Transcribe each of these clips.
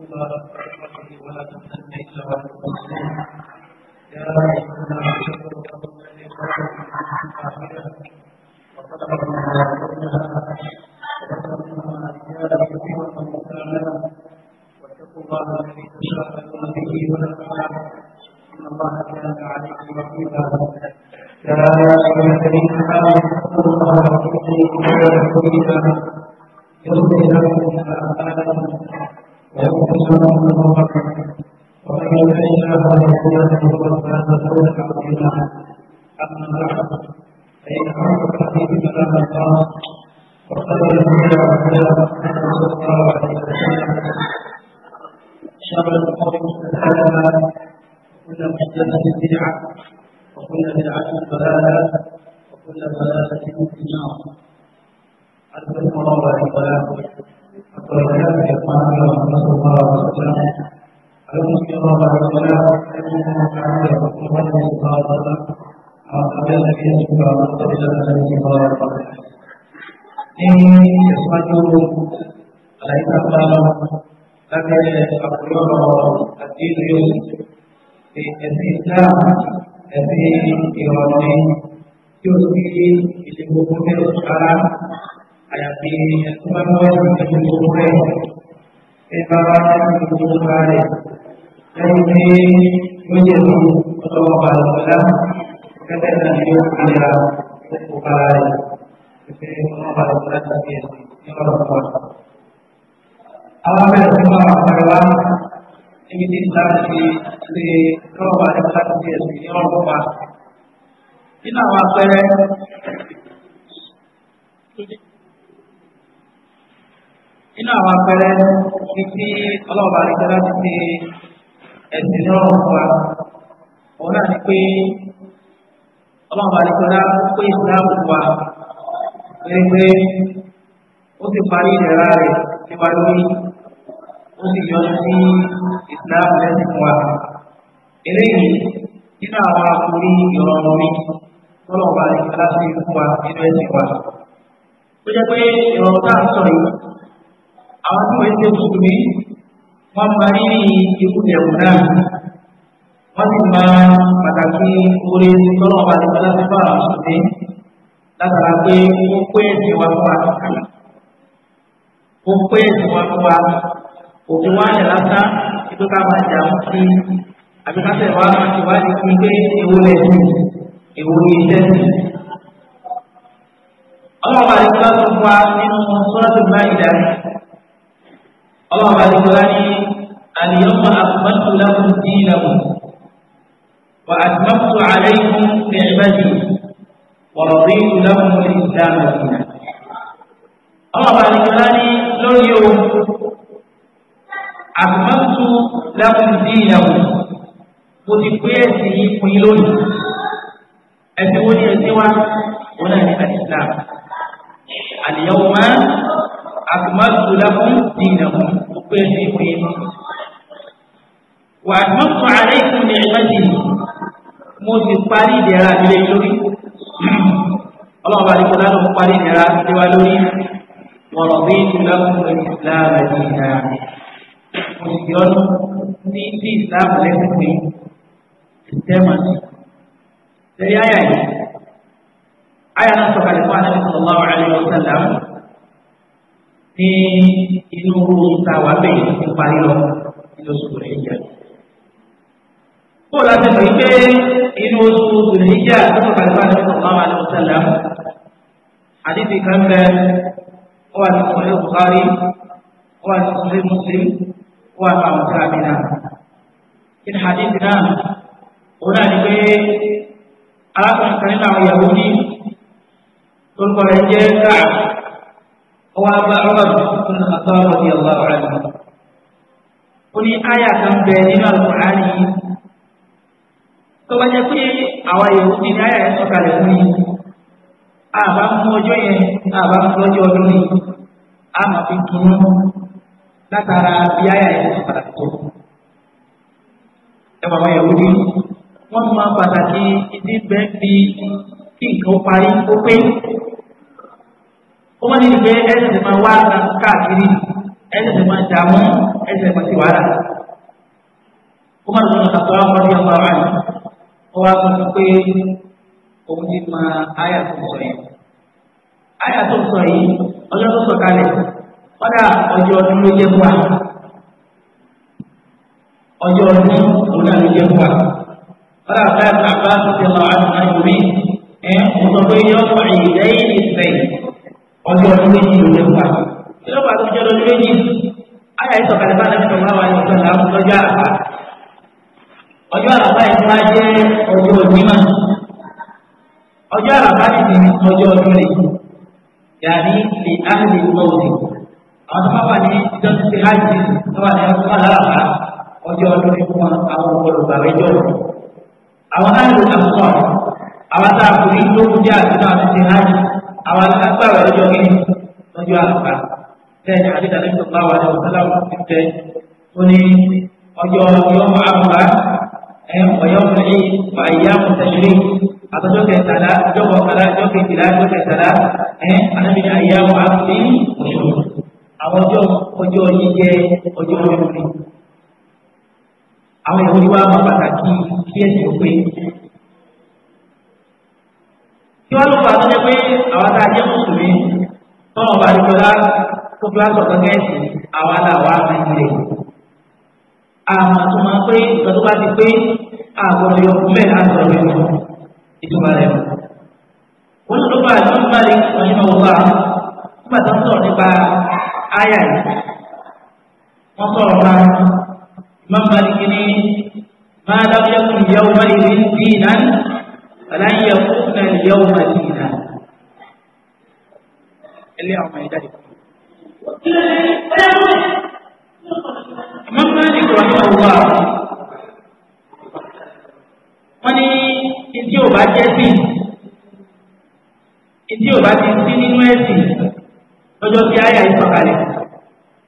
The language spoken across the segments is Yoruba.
الله برحمته ولا تمنن إلا على المحسنين يا أيها الناس اتقوا الذي خلقكم من نفس وخلق منها زوجها وخلق منها رجالا كثيرا ونساء واتقوا الله الذي تساءلون به والأرحام إن الله كان عليكم رقيبا يا أيها الذين آمنوا اتقوا الله واتقوا الله يغفر لكم أعمالكم ويغفر له ذنوبكم ومن يطع الله ورسوله فقد فوز عظيما اما بعد فان خير الحديث كلام الله وخير الهدى هدى محمد صلى الله عليه وسلم شر الامور محدثاتها وكل محدثه بدعه وكل بدعه ضلاله وكل ضلاله في النار السلام الله وبركاته وكذلك قال رسول الله صلى الله عليه وسلم المسلم الله عليه وسلم انه تعالى رسول الله صلى الله عليه وسلم وقبل النبي صلى الله عليه وسلم الى النبي صلى الله عليه وسلم ini sesuatu lain dalam kata Abdullah Adil di Islam di Iran itu di ibu kota sekarang àyàfi tó bá bá wà ní gbogbo rẹ̀ ẹ bá wà ní gbogbo rẹ̀ lẹ́yìn tí ó yẹ kó ọlọ́wọ́ bá lọ bá kẹ́tẹ́ náà ni ó fi ra gbogbo bá rẹ̀ kẹ́tẹ́ ọlọ́wọ́ bá lọ bá tàbí ẹ̀ ní ọ̀rọ̀ kan. Àwọn abẹ́rẹ́ tó máa wà pẹ̀lú nínú àwọn apẹrẹ ní tí ọlọ́ọ̀bà àríkẹ́ láti ṣe ẹ̀sìn ní ọ̀rọ̀ fún wa òun náà ni pé ọlọ́ọ̀bà àríkẹ́ láti pé ìsìláàmù wa pé ó sì parí ìlera rẹ̀ nípa lórí ó sì yọ sí ìsìláàmù lẹ́sìn fún wa eléyìí nínú àwọn akórí ìrọ̀rùn mi ọlọ́ọ̀bà àríkẹ́ láti fún wa nínú ẹ̀sìn wa ó jẹ́ pé ìrọ̀rùn tá à ń sọ yìí àwọn tí wọ́n ṣe mùsùlùmí wọ́n máa rí ikú ẹ̀wù náà wọ́n sì máa pàtàkì orí tọ́lọ́ ọba àti bọ́lá tó bá àwọn ṣùgbọ́n látara pé ó pé ẹ̀sìn wa fún wa ó pé ẹ̀sìn wa fún wa òfin wa yẹ lásán ètò ká máa jà wọn sí àbí ká tẹ̀wá wá ní kí pé èwo lẹ̀ sí èwo ní iṣẹ́ sí. ọlọ́run àti bọ́lá tó fún wa nínú sọ́ọ́dún náà ìdarí. الله بعد ذلك اليوم أكملت لكم دينكم وأتممت عليكم نعمتي ورضيت لكم الإسلام دينا الله بعد ذلك اليوم أكملت لكم دينكم وتقيسي قيلوني أتوني أتوى ولا الإسلام اليوم akmaltu lakum dinakum mo pé ẹsìn ìpè yín wà atmamtu alaykum ni'mati mo sì parí ìdẹ̀ra mi lé lórí ọlọ́run bá dìbò lánàá mo parí ìdẹ̀ra mi wá lórí wa raditu lakum al-islam dinan mo sì yọ ọ́ ní sí ìsìlámù lẹ́sìn pé sẹ́mà sí sẹ́yà yà yìí ayà náà sọ̀kalẹ̀ fún anábì sallallahu alayhi wa ní inú ta wà bẹ́ẹ̀ ti parí lọ inú oṣù rẹ̀ yíyá. Bóòlù àti sọ pé inú oṣù rẹ̀ yíyá lọ́sọ̀ kàlífà ní ọ̀sán máa ní ọ̀sán làm. Àdìsí kan bẹ ọ wà ní sọ̀rọ̀ Bukhari ọ wà ní sọ̀rọ̀ Muslim ọ wà ní àwọn ọ̀sán àmìnà. Kí ni àdìsí náà? Òun náà ni pé arákùnrin kan nínú àwọn Yahudi tó ń kọ́ rẹ̀ jẹ́ káàkiri. وأبا عمر بن الخطاب رضي الله عنه قولي آية كم بيننا القرآن ثم يقول أو يهود آية سكالوني أبا موجوين أبا موجوين أما في كنون látara bí ayé ayé ti pàtàkì tó ẹ bàbá yahudi wọn máa pàtàkì ìdí bẹ́ẹ̀ bí kí nǹkan parí ó pé ó wọ́n ní ní pé ẹsẹ̀ ti máa wá káàkiri ẹsẹ̀ ti máa dààmú ẹsẹ̀ máa ti wàhálà ó máa lọ́nà kàtó àwọn ọmọdé ọmọ àwọn àyè ó wá sọ pé òun ti máa àyà tó sọ yìí àyà tó sọ yìí ọjọ́ tó sọ kalẹ̀ kọ́dà ọjọ́ ọdún ló jẹ́ fún wa ọjọ́ ọdún òun náà ló jẹ́ fún wa kọ́dà báyà bàbá tó ti lọ àtúnṣe yorì ẹ̀ ń sọ pé yọ ọ̀rẹ́ ìdẹ́yìn ìsẹ̀yìn ọjọ́ ọdún méjì ló jẹ́ wà kí ló bá tó jẹ́ ọdún méjì ayé àìsàn kalẹ̀ bá lẹ́nu tọ̀wá wa ní ọjọ́ làwọn lọ́jọ́ àràbà ọjọ́ àràbà yìí wá jẹ́ ọjọ́ onímọ̀ ọjọ́ àràbà yìí ni ọjọ́ ọdún rẹ̀ yàrá lè áhìlì lọ́wọ́dì àwọn tó bá wà ní ìjọsìn ti hajj tó wà ní ọjọ́ àràbà ọjọ́ ọdún rẹ̀ fún àwọn olùgbà rẹjọ́ àwọn náà lò àwọn àwọn jẹ́ àtúntò àti ti hajj àwọn agbára lọ́jọ́ kí lọ́jọ́ àgbà bẹ́ẹ̀ ni àdéhà ní sọ̀tà wà ní ọ̀sálà wọn ti tẹ ó ní ọjọ́ yọmọ àbúrà ẹ ọ̀yọ́mọ ní fàyà mùsàlùmí àtọ́jọ́ kẹtàlá ọjọ́ kọkànlá ọjọ́ kejìlá ọjọ́ kẹtàlá ẹ anábì ní àyà wọn àbúrò ní òṣù àwọn ọjọ́ ọjọ́ jíjẹ ọjọ́ mímu ni àwọn ìwé wa máa pàtàkì kí ẹ̀sìn ó pé kí wọ́n ló fà tó jẹ́ pé àwọn tá a jẹ́ mùsùlùmí tọ́nà bá rí kọlá tó fi aṣọ kankan ẹ̀sìn àwa là wà á fi rè àmọ́ tó máa pé nǹkan tó bá ti pé àgbọ̀dọ̀ yọ fún bẹ́ẹ̀ láti ọ̀rọ̀ yọ ìtumọ̀ rẹ̀ wọ́n ló fà tó ń bá lè sọ̀yìn náà nígbà tó ń sọ̀rọ̀ nípa áyà yìí wọ́n sọ̀rọ̀ ma Imam Malik ní máa lana al-yawma dina ẹlẹ́ àwọn ẹ̀dá ìkú. àmọ́ máa ní ìgbà náà wà wọ́n ní ìdí ò bá jẹ́ sí ìdí ò bá ti sí nínú ẹ̀sìn lọ́jọ́ tí àyà ìfọ̀kalẹ̀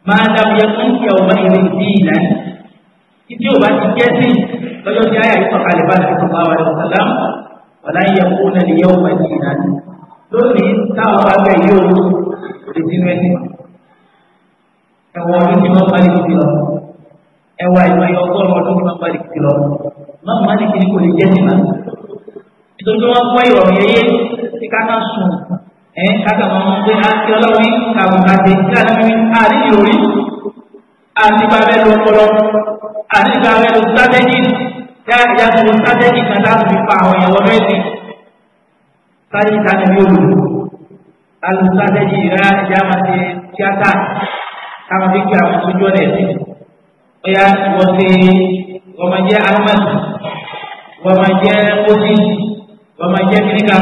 máa dábìyẹ fún ìyá ọba ìrìnsì ìlànà ìdí ò bá ti jẹ́ sí lọ́jọ́ tí àyà ìfọ̀kalẹ̀ bá ti sọ̀rọ̀ àwọn ọ̀sán láwọn ọ̀la yẹ kó na lè yẹ ọmọ náà ni lónìí táwọn bá bẹ̀ yóò lè sínú ẹ̀sìn ẹ̀wọ̀n ọdún tí wọ́n parí ti lọ ẹ̀wọ̀n ìmọ̀ ẹ̀yọ ọgọ́rùn ọdún tí wọ́n parí ti lọ má má ní kíní kò lè jẹ́ sínú nítorí wọ́n kọ́ ìrọ̀rùn yẹyẹ tí káká sùn ẹ̀ káká máa ń gbé àti ọlọ́run kàbùkà dé kí àdébí àrí ìròrí àti bàbá ẹ̀ lọ́pọlọ àti bàbá ẹ̀ lọ́ yá ìyá tó ń sátẹ́jì kan láti fi pa àwọn ìyàwó mẹ́sìn sátẹ́jì tani bí olù láti sátẹ́jì ìyá ìyá máa ti tíátà káwọn fi kí àwọn sójú ọ̀nà ẹ̀sìn ọ̀yà wọ́n ti wọ́n máa jẹ́ alámọ̀sí wọ́n máa jẹ́ kóṣì wọ́n máa jẹ́ kíríkà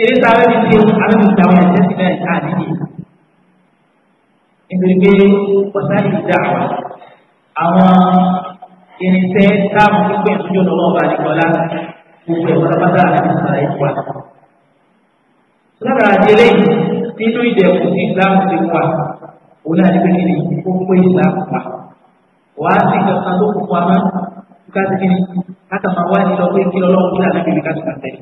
eré sáré mi ti àwọn ìgbà wọn ẹ̀sẹ̀ sílẹ̀ ìta àdídì nítorí pé wọ́n sáré ìdá àwọn irinṣẹ́ táàmù pípẹ́ ìtújọ́ lọ́wọ́ ọba àdìgbọ́lá gbogbo ẹ̀wọ́n lábàtà àti ìsàlẹ̀ ìwà. lára àdìẹlẹ́ nínú ìdẹ̀kùn tí ìsìláàmù ti wà òun náà ní pé kíni ó pé ìsìláàmù pa wàá sì kankan tó kù pa máa ká sí kíni káta máa wá nílọ pé kí lọ́wọ́ kí lànà bíbí ká sì máa tẹ̀lé.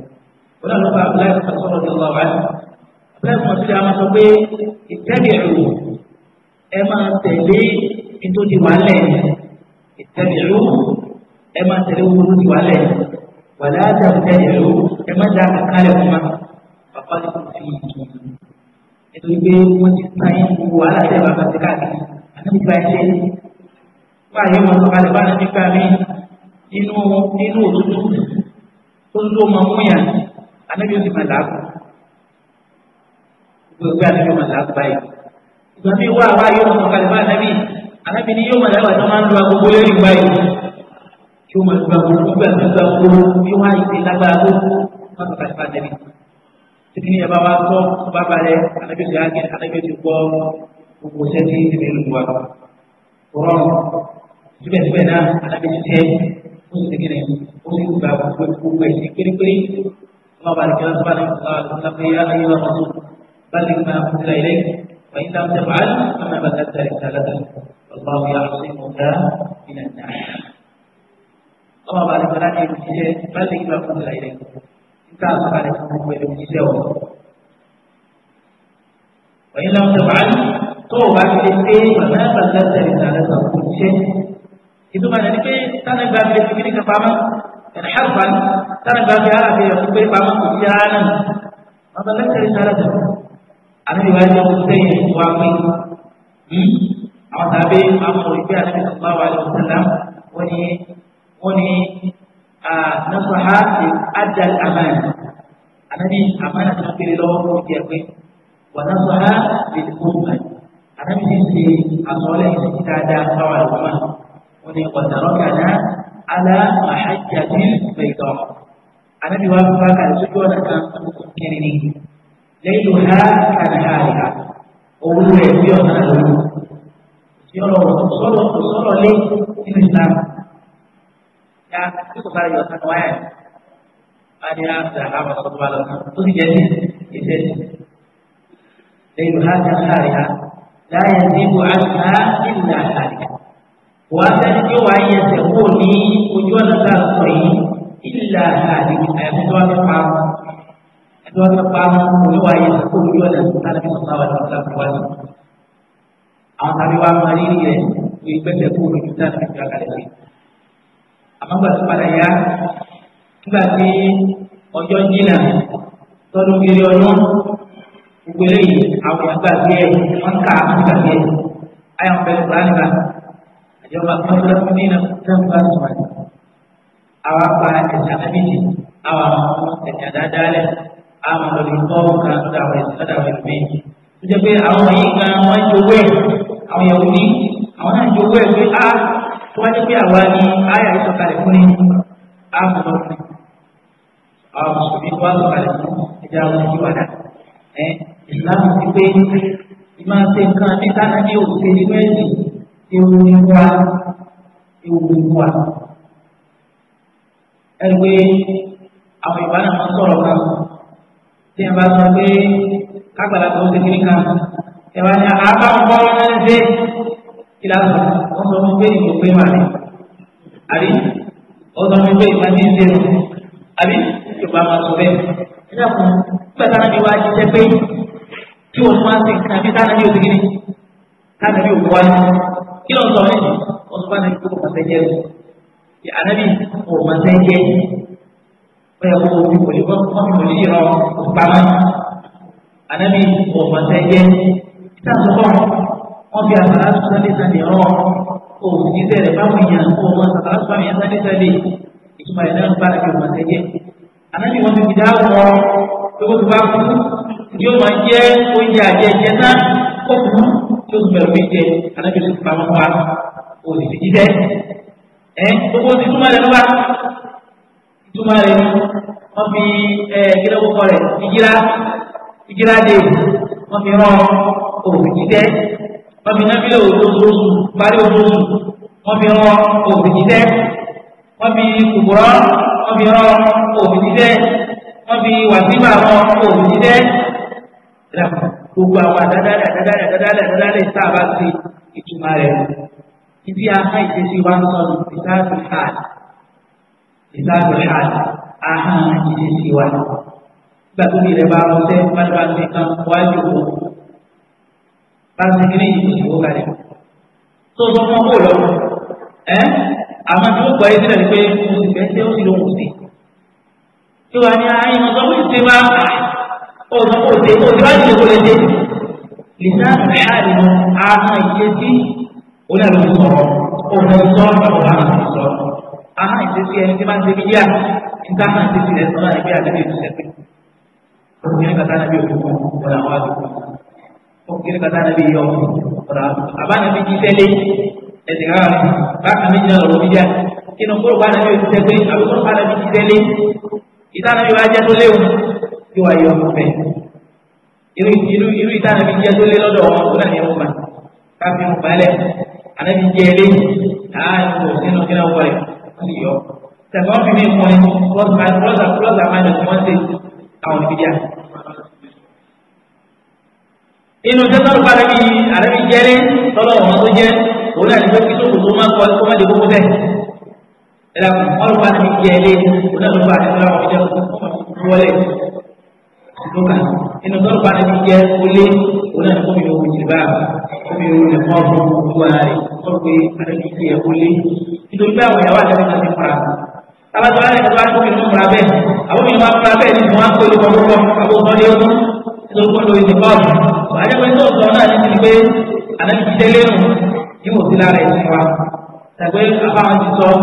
òun náà ló fa abúlé ẹ̀sán sọ̀rọ̀ ní ọlọ́wà abúlé ẹ̀sán sí àwọn sọ pé ìtẹ́gẹ̀rù ẹ máa tẹ̀lé nítorí wàá lẹ̀ اتبعوه اما تلوه وعليه ولا تبتدعوا اما ذاك قالهما فقد كفيتم nítorí pé wọ́n ti ta yín gbogbo wàhálà tẹ́ bàbá ti káàkiri ànábi gba ẹṣẹ́ wọ́n àyè wọn sọ̀kalẹ̀ bá ànábi gba mí nínú nínú òtútù tó ń lò máa mú yàn ànábi ó máa làákù gbogbo ẹgbẹ́ ànábi máa làákù báyìí ìgbà mi wá àbáyé wọn sọ̀kalẹ̀ bá ànábi arábìnrin yóò máa dábàá tó máa ń lu agogo lórí ìgbà yìí yóò máa lu agogo gbígbà gbígbà gbogbo yóò wá ìdè lágbára gbogbo wọn kàkà sí bàtẹ́lì títí ní ẹ̀bá wa tọ́ bá balẹ̀ anábìsọ̀ yá gẹ̀ anábìsọ̀ gbọ́ gbogbo sẹ́tì ìdílé lu wa rọrùn síbẹ̀síbẹ̀ náà anábìsọ̀ tẹ́ ó sì tẹ́kẹ̀rẹ̀ ó sì gba gbogbo ẹ̀sìn pérépéré wọn bá lè kí wọn sábà ní ọ̀sán àti ọ̀sán والله يعصمك من الناس الله بارك لنا يمشي بلغ ما أنزل إليكم إن كان صالحا فهو يمشي وإن لم تفعل توبة للبيت وما بلغت رسالة كل itu mana ni ke? tanah bagi dia fikir ke paman dan harfan tanah bagi arah dia fikir paman ke jalan maka lain dari salah tu anak ibadah yang kita yang suami hmm àwọn tàbí àwọn ìgbé àti sallallahu alaihi wasallam wọ́n ní wọ́n ní nasaha ti adal amana anabi amana tó kéré lọ́wọ́ fún ìjẹ́ pé wà nasaha ti kúrúmà anabi ti ṣe àsọlẹ̀ ìṣẹ́jú dáadáa báwa lọ́wọ́ wọ́n ní ọ̀dàrọ̀ kàná ala mahajjati bayda anabi wa fi baka da sojọ́ na kan kiri ni lẹ́yìn ha kan yọrọ solo, solo lé nínú islam ya itu kára yang sanu wáyà wáyà ní àti àbá sọtọ bá itu. tó ti jẹ ní ìfẹ́ lẹ́yìn hàjà hàrìhà láyà dìbò àṣà ìlà hàrìhà wàá sẹni tí wàá yẹ ẹsẹ̀ kó ní ojú ọ̀nà tá a sọ yìí ìlà hàrìhà àyàfi tó wàá fi àwọn tàbí wa máa rírì rẹ̀ ní ìgbẹ́sẹ̀ kó omi tuntun àti ìtura kalẹ̀ sí. àmọ́ gbàtí padà yá nígbà tí ọjọ́ jìnnà tọdún kiri ọdún gbogbo eléyìí àwọn èèyàn gbàgbé ẹ̀ wọ́n kà á gbàgbé ẹ̀ ayọ̀ bẹ̀rẹ̀ gbàgbà àjọba kọ́ńtà fún nínú tẹ́ǹpà tùmọ̀ àwa pa ẹ̀sà nàbìtì àwa ẹ̀sà dáadáa lẹ̀ àwọn olùkọ́ kan dáwọ̀ ẹ̀sà dáwọ̀ ẹ̀sà mi àwọn yẹ̀wò ní àwọn náà ah, jẹ́ owó ẹ̀ pé á tó wá pé àwa ni àyà yìí sọ̀kalẹ̀ fún ni á mọ̀ lọ fún mi. àwọn mùsùlùmí wá sọ̀kalẹ̀ fún ẹja àwọn ìjọba náà ẹ ìsìláàmù ti pé ìmọ̀ ṣe nǹkan ní sáà ní òkè nínú ẹ̀sìn ewu ní wa ewu ní wa. ẹ rí pé àwọn ìbáná máa ń sọ̀rọ̀ kan tí wọ́n bá sọ pé kágbàlagbà ó ti kiri kan ẹ̀wà ni àbá ọkọ wọn náà ń ṣe kí la sọ wọn sọ fún pé ìlú pé wà ní àbí wọn sọ fún pé ìgbà tí ń ṣe nù àbí ìgbà máa sọ bẹ́ẹ̀ nígbà kan nígbà táwọn ẹni wá jíjẹ pé tí wọn máa ṣe nǹkan àbí táwọn ẹni òsìkiri táwọn ẹni òkú wáyé kí ló sọ wọn wọn sọ fún ẹni kó kọkàn sẹ́jẹ́ rẹ̀ kí anábì kò máa sẹ́jẹ́ bẹ́ẹ̀ kó omi kò lè wọ́n mi kò lè yíra ọ̀ pamọ́ anábì kò máa sẹ́jẹ́ sàtúkọ̀ wọ́n fi àbàlá sọ́lé sàlẹ̀ rọ̀ o ní bẹ̀rẹ̀ báwọn èèyàn kó wọn sàbàlá sọ́lé sàlẹ̀ sàlẹ̀ ìtumọ̀ ẹ̀ náà ń bá àjọ wọn sẹ́yẹ. ànájú wọn ti fi dá wọn lóko tó bá kú yóò máa jẹ oúnjẹ àjẹjẹ náà kó kú tó gbẹ̀rù mi jẹ ànájú tó pa wọn wá o sì fi jíjẹ. ẹ gbogbo ti túmọ̀ rẹ̀ lọ́wọ́ ìtumọ̀ rẹ̀ wọ́n fi ẹ̀ gírẹ́wó kọ wọ́n fi rán òògùn jíjẹ́ wọ́n fi nábìlẹ̀ òṣooṣù parí oṣooṣù wọ́n fi rán òògùn jíjẹ́ wọ́n fi kùbùrọ́ wọ́n fi rán òògùn jíjẹ́ wọ́n fi wàsíbà rán òògùn jíjẹ́ gbogbo àwọn àdádálẹ̀ àdádálẹ̀ àdádálẹ̀ àdádálẹ̀ tá a bá ti ìtumọ̀ rẹ̀ ibi aha ìdẹ́sí wa ń sọnù ìsáàbù ṣáàlì ìsáàbù ṣáàlì aha ìdẹ́sí wa ń sọnù gbàgbóbi rẹ̀ bá wọn sẹ́ wọ́n bá ti kan wájú wọn bá ti kiri yìí kò wọ́n kalẹ̀ tó sọ fún ọkọ̀ lọ ẹ́ àmọ́ tí wọ́n gbọ́ yé sílẹ̀ pé mo sì fẹ́ ṣe ó sì ló ń sè tí wọ́n á ní ayé mo sọ fún ìṣe wa ó sọ fún òṣè òṣè wá ìṣe kò lè dé lìsá ìhàlì mu ahọ́n ìṣe sí onílàlóbi sọ̀rọ̀ òun ló sọ ọ̀rọ̀ àwọn àti sọ̀rọ̀ ahọ́n ìṣe sí ẹni tí máa ń ṣe yá nígbà máa ń ṣe sí ẹ̀ sọ́nà ìgbé àdébẹ̀ ìṣẹ̀lẹ̀ kiri ka taa nabi oku wala awa dugu o kiri ka taa nabi yɔ wala a b'a nabi ji sɛle ɛsɛ ka ba nabi jina lɔrɔ bi ja kinu koro ba nabi oku sɛle a bɛ koro ba nabi ji sɛle i taa nabi b'a jɛ to lewu yi wa yɔ fɛ iru iru iru i taa nabi jɛ to le lɔdɔ wɔn o na ni ɛmu ma k'a fi mu balɛ a nabi jɛle aa o sinu kira wɔri o ti yɔ sɛgbɛn fi mi mɔ ye wɔsi ma wɔsi ma wɔsi ma ni àwọn ìbíjà. inú sẹ́tọ́rù pàdébí àrẹ́bí jẹ́rẹ́ tọ́lọ̀ wọn tó jẹ́ òun náà nígbà tí sókòtò máa kọ kó má dé gbogbo bẹ́ẹ̀. ẹ̀rọ ọ̀rọ̀ pàdébí jẹ́rẹ́ òun náà ló bá àdébọ̀lá wọn jẹ́ wọlé lóka inú tọ́lù pàdébí jẹ́ olé òun náà kó mi ò wùjì báà kó mi ò lè fọ́ ọ̀rọ̀ gbogbo ara rẹ̀ tọ́lù pé àrẹ́bí jẹ́ olé nítorí báwọn ìyàwó tabatɔ ala yɛrɛ b'a tóbi nínú fura bɛɛ a b'o ɲinɛ b'a fura bɛɛ ni mɔgɔ k'o de kɔkɔ kɔ a b'o kɔni yɔrɔ n'o kɔni o ye ti kɔɔri o ale ko n'o sɔrɔ n'ale ti pe ale ti tɛlen o ni o ti la rɛ wa sago ye a b'an ti sɔn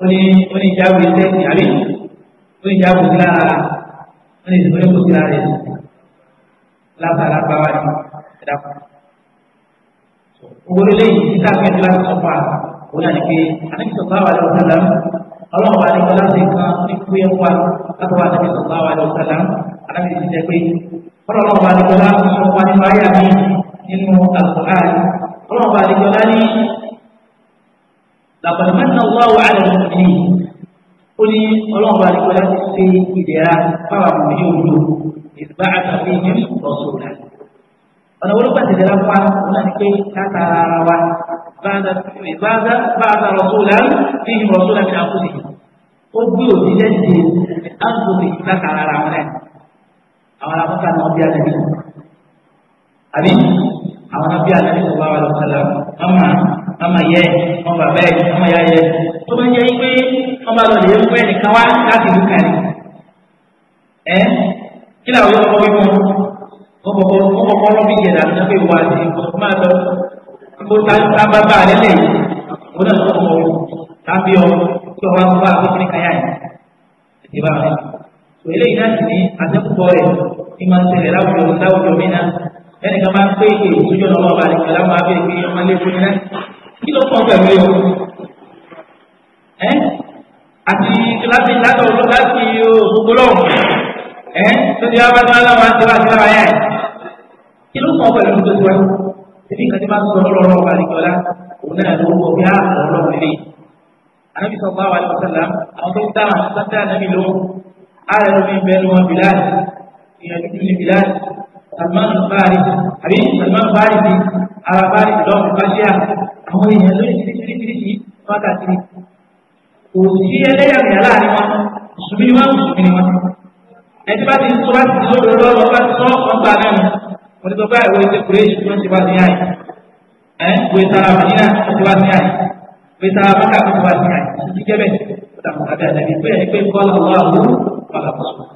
o ni o ni jaabi ye tɛ ti ale o ni jaabi ti la o ni o ni ko ti la rɛ lasa la ba wa ni ɛda kɔ o wolo le yi ti taa fɛn fila sɔgɔ a o y'a ni pe ale ti sɔgɔ wa lɛ o ta ọlọ́run wa ní kọlá sí kan ní kúyẹ́ wa látọwọ́ àti ìsọ̀tà wa ní ọ̀sán náà alábi ti jẹ pé ọlọ́run wa ní kọlá sọ wa ní báyà mi nínú àlùkòhán ọlọ́run wa ní kọlá ní làbàdàn náà wà wà lẹ́nu ní ó ní ọlọ́run wa ní kọlá ti ṣe ìdẹ̀ra fáwọn àmì òdo ìgbà àtàwọn èèyàn ọ̀sọ̀rọ̀ ọ̀nà wọlé pàṣẹ ìdẹ̀ra fún wa wọn náà ní pé káàkiri ara wa. بعد بعد بعد رسولا فيهم رسولا من انفسهم ojú òbí lẹ́sìn àǹfòsì látara ara wọn náà àwọn alákọ̀ọ́ta náà bí alẹ́ nínú àbí àwọn náà bí alẹ́ nínú bá wà lọ́sọ̀lá ọmọ ọmọ yẹ ọmọ bẹ́ẹ̀ ọmọ ya yẹ tó bá jẹ́ pé ọmọ lọ́dẹ yẹn fún ẹnìkan wá láti ìlú kan ẹ kí làwọn yóò kọ́ wípé wọ́n kọ́kọ́ wọ́n kọ́kọ́ lọ́bí yẹn dàbí wọ́n pé wọ́n àti ọmọ àtọ́ kó tábàbà rẹ lè kó náà sọ̀rọ̀ wọn tábí ọ kí ọwọ́ akọ́kọ́ àgbẹ̀kẹ́ni káyà yìí ẹ̀dí bá rẹ. sọ eléyìí náà sì ní àtẹ́kùkọ rẹ̀ ní máa ń tẹ̀lé láwùjọ láwùjọ mi náà ẹnì kan máa ń pé èyí sójú ọ̀nà ọba rẹ̀ pẹ̀lú àwọn abẹ́rẹ́ pé ọmọ ilé fún mi náà kí ló kọ́ pẹ̀lú ẹ̀ ẹ́ àti láti látọ̀ láti gbogbo lọ́wọ́ ẹ́ tó ti wá bá tó wá láwọn àti wá sí láwọn ayá ẹ̀ kí ló kọ́ pẹ̀lú tó ti wá tẹ̀lé nǹkan tí bá sọ lọ́rọ̀ ọba àdìgbọ́lá òun náà ló wọ bí ààrùn ọlọ́run lè. anábì sọ bá wà ní ọ̀sán àwọn tó ń dá àwọn sáńtẹ́ anábì ló ààrẹ omi bẹnu wọn bilal ìyẹn dúdú ní bilal salman bari àbí salman bari ti ara bari ti lọ́ọ̀mù báṣíà àwọn èèyàn lórí tìrìtìrìtìrìtì wákàtí kò sí ẹlẹ́yàmẹ̀yà láàrin wọn mùsùlùmí ni wọn mùsùlùmí ni wọn ẹtí bá ti sọ bá ti sọ lọ́wọ́ bá ti sọ ọgbà náà mo ti sọ pé àwọn ètò kúrẹ́ẹ̀sì tó ń ṣe wá sí àyè ẹ̀ wo ìtara màdínà tó ti wá sí àyè wo ìtara mọ́kà tó ti wá sí àyè ti jẹ́ bẹ́ẹ̀ ó dà mọ́ àbí àdàbí pé ẹ̀ pé kọ́lá ọ̀wá òun kọ́lá kọ́sùn.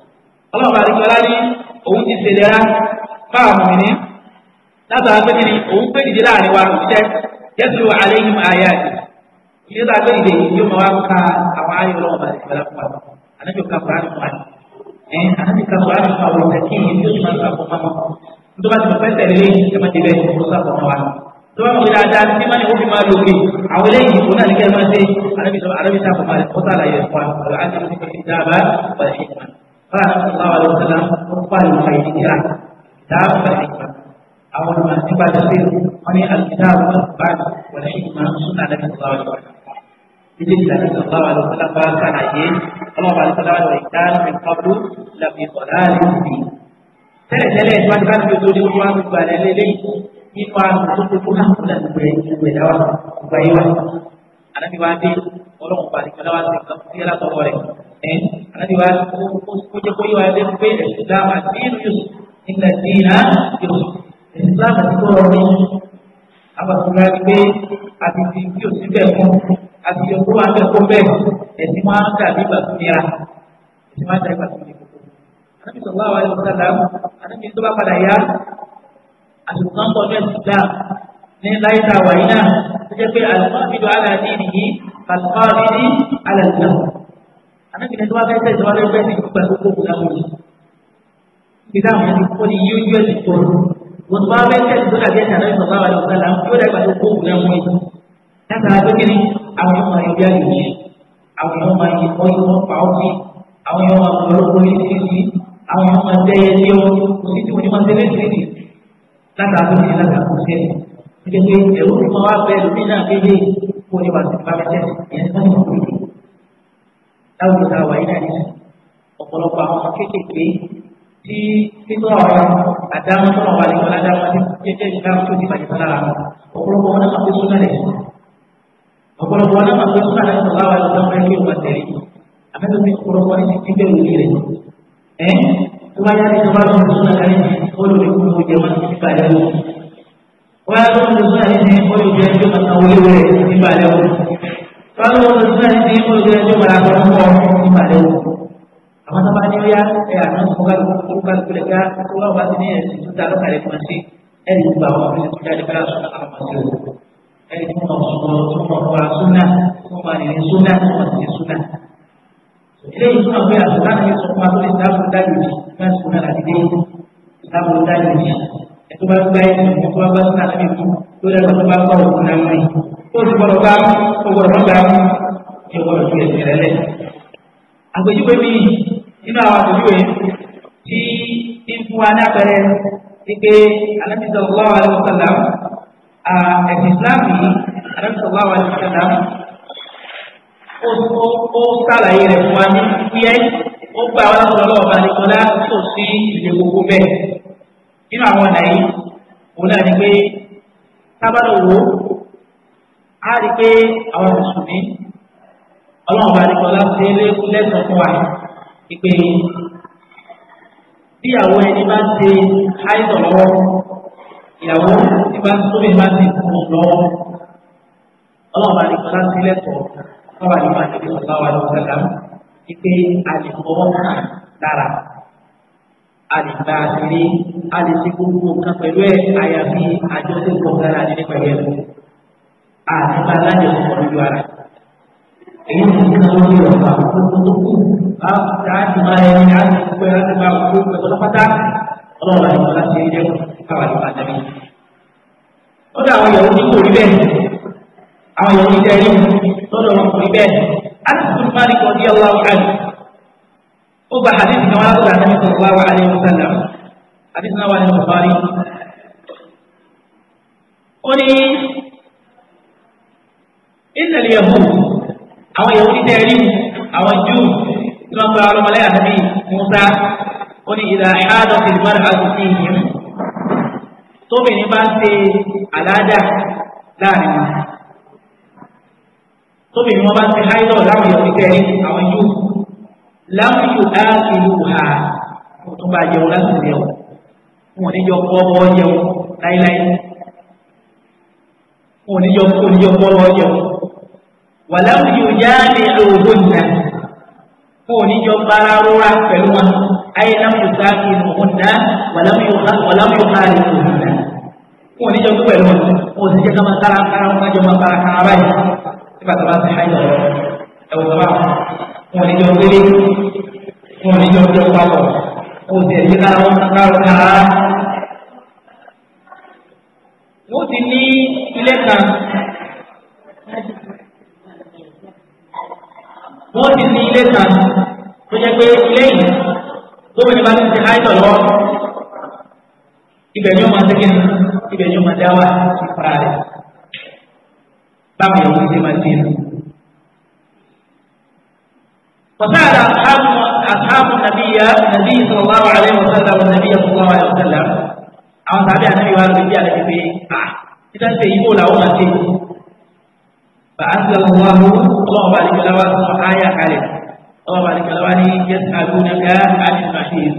ọlọ́run àdìgbọ́lá ní òun ti ṣe lẹ́ra fáwọn mìíní látara pé kiri òun pé dìde láàrin wa òun jẹ́ yẹ́sù àléhìm àyà ìdí tá a gbé dìde yìí yóò máa wá ka àwọn ayé ọlọ́run àdìgbọ́lá fún wa ànájọ́ ka kùránì fún wa ẹ̀ ànájọ́ ka kùránì fún wa wọ́n tó bá ti mọ̀ pẹ́sẹ̀ lé ẹ máa ti bẹ̀ kó sábà wọn wa tó bá mọ̀ pé dáadáa tí máa ní ó fi máa lò pé àwọn eléyìí kò náà ní kẹ́ ẹ máa ṣe arábì sọ arábì sábà máa kó sáà láyé ẹ̀kọ́ àgbà àti ẹ̀kọ́ ti fi dáàbà wàlẹ̀ ìgbà bá a sọ láwa lọ sọlá ó bá lè fa ìdíra dáàbà wàlẹ̀ ìgbà àwọn ọmọ nípa tó ṣe wọn ní àlùdá wọn bá wàlẹ̀ ìgbà sún àdáni sọlá wàlẹ̀ wàlẹ̀ ilé ìlànà sọlá wàlẹ̀ sọlá bá sàlàyé ọlọ́wọ́ àlùsọlá wàlẹ̀ ìdáná tẹ́lẹ̀ tẹ́lẹ̀ tí wọ́n ti bá ti tó ní wọ́n wá gbogbo àlẹ́ lélẹ́ nípa tó tó tó náà fúnlẹ̀ gbogbo ẹ̀ gbogbo ẹ̀dá wa gbogbo ayé wa ànábi wa dé ọlọ́run pàdé kí ọlọ́wà ti kàn sí ẹlátọ̀ rẹ̀ ẹ̀ ànábi wa kó jẹ́ kó yé wa dé pé ìsìlámù àti ìlú yusuf ilẹ̀ sí iná yusuf ìsìlámù àti tó rọrùn abàtúrà ni pé àti ti bí o sí bẹ́ẹ̀ fún àti ìyókù wa bẹ́ẹ̀ kó bẹ́ẹ̀ ẹ̀sìn wa dàbí ìgbà tó nira ẹ̀sìn wa dàbí ìgbà tó nira àti sọ̀rọ̀ àwọn ẹ̀rọ sọ̀rọ̀ àti tó bá padà yá àsìkò kan pọ̀ ní ẹ̀sìlá ní láyé tá a wà yín náà tó jẹ́ pé àlùfáàbìdò aláàdé nìyí àlùfáàbìdì aláàdìlá ànábìnrin tó bá fẹ́ tẹ̀síwá lórí bẹ́ẹ̀ ní gbogbo àti gbogbo làwọn yìí ìdá àwọn ẹni kó ní yíyó yíyó ẹ̀sìn tó wọn tó bá fẹ́ tẹ̀síwá lórí bẹ́ẹ̀ ní gbogbo àti gbogbo làwọn yóò dàgbà tó gbogbo làwọn yìí àwọn ọmọ ẹgbẹ́ ilé wọn kò sí tí wọ́n ti máa tẹ́lẹ̀ tẹ́lẹ̀ látàkó sí látàkó sí ẹ̀ nígbà pé ẹ̀rọ tó máa wá bẹ́ẹ̀ lómi náà kéde kó ní wàásù bá bẹ́ẹ̀ tẹ́lẹ̀ ìyẹn ní wọ́n ti láwùjọ tá a wà yín náà ọ̀pọ̀lọpọ̀ àwọn ọmọ kéékèèké tí títọ́ àwọn àdámọ́ tó wà ní ọ̀la dámọ́ tí jẹ́jẹ́ ìdáhùn tó ti bàjẹ́ sára ọ̀pọ̀lọpọ̀ wọn náà máa fi súnà rẹ̀ ọ̀pọ̀lọpọ̀ wọn Eh, tó bá yára tó bá tó ń sún àlẹ́ ní olùkọ́ kó o jẹ́ wọn ti ti balẹ̀ wọn wọ́n yára tó ń sún àlẹ́ ní olùkọ́ yẹn tó máa wọlé wọlé ti balẹ̀ wọn wọ́n yára tó ń sún àlẹ́ ní olùkọ́ yẹn tó máa kọ́ ọ́ ti balẹ̀ wọn. àwọn tó bá ní wíyá ẹ àná kókàlùkùlẹ̀ ká kó wá wá sí ní ẹ̀sìn tó ta lọ́kàlẹ̀ kan sí ẹni tó bá wọn fi ti jáde bá yàtọ̀ ẹni tó eléyìí túmọ̀ pé àtúntà náà sọ fún wa tó lè dáàbò dájú ní bá sùn náà láti dé dáàbò dájú ní ẹ̀tọ́ bá gbá ẹ̀sìn ẹ̀tọ́ bá bá sùn náà lẹ́nu tó lẹ́nu tó bá gbọ́ òkú náà mọ́ni tó ti gbọ́dọ̀ bá ó gbọ́dọ̀ bá gbá ẹ̀ gbọ́dọ̀ ju ẹ̀sìn rẹ lẹ̀. àpèjúwe mi nínú àwọn àpèjúwe tí ń fún wa ní àpẹẹrẹ ni pé Ànábì sallallahu alaihi wasallam ẹ̀sìn Islam yìí Ànábì sallallahu ó ó sàlàyé rẹ̀ fún wa ní fúyẹ́ ó gba àwọn ọlọ́wọ́ ọba nìkọ́lá tó sí ìdè gbogbo bẹ́ẹ̀ nínú àwọn ọ̀nà yìí òun náà ni pé sábàlọ̀ wo á rí pé àwọn mùsùlùmí ọlọ́wọ́ ọba nìkọ́lá ṣe lẹ́sọ̀ fún wa ìpè bí àwọn ẹni bá ṣe àìsàn lọ́wọ́ ìyàwó tí bá tóbi bá ti kú lọ́wọ́ ọlọ́wọ́ ọba nìkọ́lá ṣe lẹ́sọ̀ fún wa lọ́wọ́ àdúgbò àtẹ̀lé sọ̀tà wà lọ́wọ́ sẹ́lá wípé a lè fọwọ́ kàn lára a lè gba àtẹ̀lé a lè ṣe gbogbo nǹkan pẹ̀lú ẹ̀ àyàfi àjọṣepọ̀ lára àdílé pẹ̀lú ẹ̀ àtìgbà alájọṣepọ̀ lójú ara èyí ti ń kan lórí ọ̀pá gbogbo tó kù bá dáàtì máa ẹni láti pẹ́ láti máa kó pẹ̀tọ́lọ́pátá ọlọ́run àti rí dẹ́kun káwá ní pàtàkì. ó dá àwọn ìyàwó tí kò rí bẹ́ẹ̀ àwọn ìyàwó tí lọ́dọ̀ wọn kò rí bẹ́ẹ̀ asùnkùn máa ní kò ní aláwọ̀ àlù ó gba hadith kan wá lọ́dọ̀ àti nípa aláwọ̀ àlù yóò sálà hadith náà wà nínú buhari. ó ní ìsẹ̀lẹ̀ yẹ̀hù àwọn yẹ̀hù ní tẹ́ẹ̀rí àwọn júù tí wọ́n gba ọlọ́mọlẹ́yà tàbí musa ó ní ìlà àádọ́ tìlúmọ́rì àgùntì yìí tóbìnrin bá ń ṣe àládà láàrin wọn tóbi ni wọ́n bá ti háìdọ̀ láwọn èèyàn kíkẹ́ ní àwọn yóò láwọn yóò á ìlú ha kó tó bá jẹun láti rẹ̀ o wọn ò ní yọ kọ́ ọmọ jẹun láíláí wọn ní yọ kó ní yọ kọ́ ọmọ jẹun wà láwọn yóò já ní òwò nà wọn ní yọ bára rúra pẹ̀lú wọn ayé láwọn yóò sá kí ìlú òun nà wà láwọn yóò ká ìlú òun nà wọn ní yọ kó pẹ̀lú wọn wọn sì jẹ́ ká máa kára kára wọn ká jọ máa kára kára báyìí nígbà tó bá ti háyà lọ ẹ̀wọ̀ bá wọn ní jọ gbélé wọn ní jọ jọ papọ̀ kó tiẹ̀ sí lára wọn kárọ̀ kára. wọ́n ti ní ilé kan wọ́n ti ní ilé kan tó jẹ́ pé ilé yìí gómìnà bá ti ti háyà lọ ibẹ̀ ni wọ́n máa ń tẹ́kẹ́ ibẹ̀ ni wọ́n máa dá wà sí fúra rẹ̀. báwo yẹn wọ́n ṣe máa ṣe nù. وسأل أصحاب أصحاب النبي النبي صلى الله عليه وسلم والنبي صلى الله عليه وسلم أو تابع النبي والنبي على النبي آه إذا سيبوا له ما فأنزل الله الله بارك له آية عليه الله بارك له يسألونك عن المحيط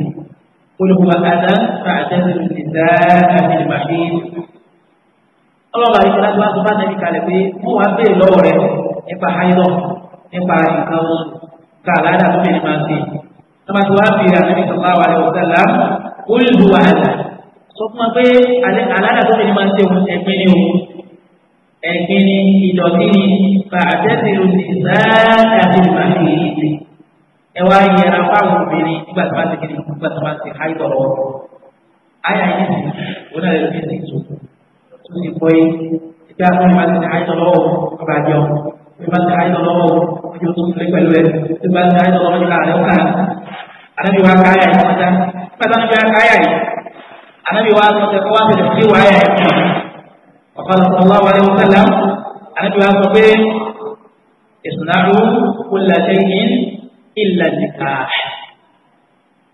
قل هو أذى فاعتزلوا النساء في المحيط ọlọ́ba àti ìṣẹ́lá tó wá sọ bá nẹ́bí kalẹ̀ pé wọ́n wá bèè lọ́wọ́ rẹ̀ nípa haidọ̀ nípa nǹkan oṣù ká àlàáda tó mẹ́rin máa ń sè nígbà tí wàá bèèrè ànábì sọ̀rọ̀ àwọn àlẹ́ òṣèlá ó lè lu wàhálà sọ fún wa pé àlàáda tó mẹ́rin máa ń sè wọn ẹ̀gbin ni o ẹ̀gbin ni ìdọ̀tí ni fa àtẹ́sí lòdì sáà àti ìbáṣe yìí ẹ wá yẹra fáwọn obìnrin nígbà tí wọ́n ti kiri nígbà tí wọ́n ti haidọ̀ lọ́wọ́ tó sì pé ìgbà wọn máa ti àìsàn lọ́wọ́ ọba àjọ wọn máa ti àìsàn lọ́wọ́ ọjọ́ tó sílẹ̀ pẹ̀lú ẹ̀ wọn máa ti àìsàn lọ́wọ́ nípa àrẹ́wọ́ká anábì wa káyà yìí pátá pátá níbi káyà yìí anábì wa sọ pé wọ́n á bẹ̀rẹ̀ sí wàá yà yìí ọ̀pọ̀ lọ́wọ́ wa lẹ́wọ́ sẹ́lá anábì wa sọ pé ìsúná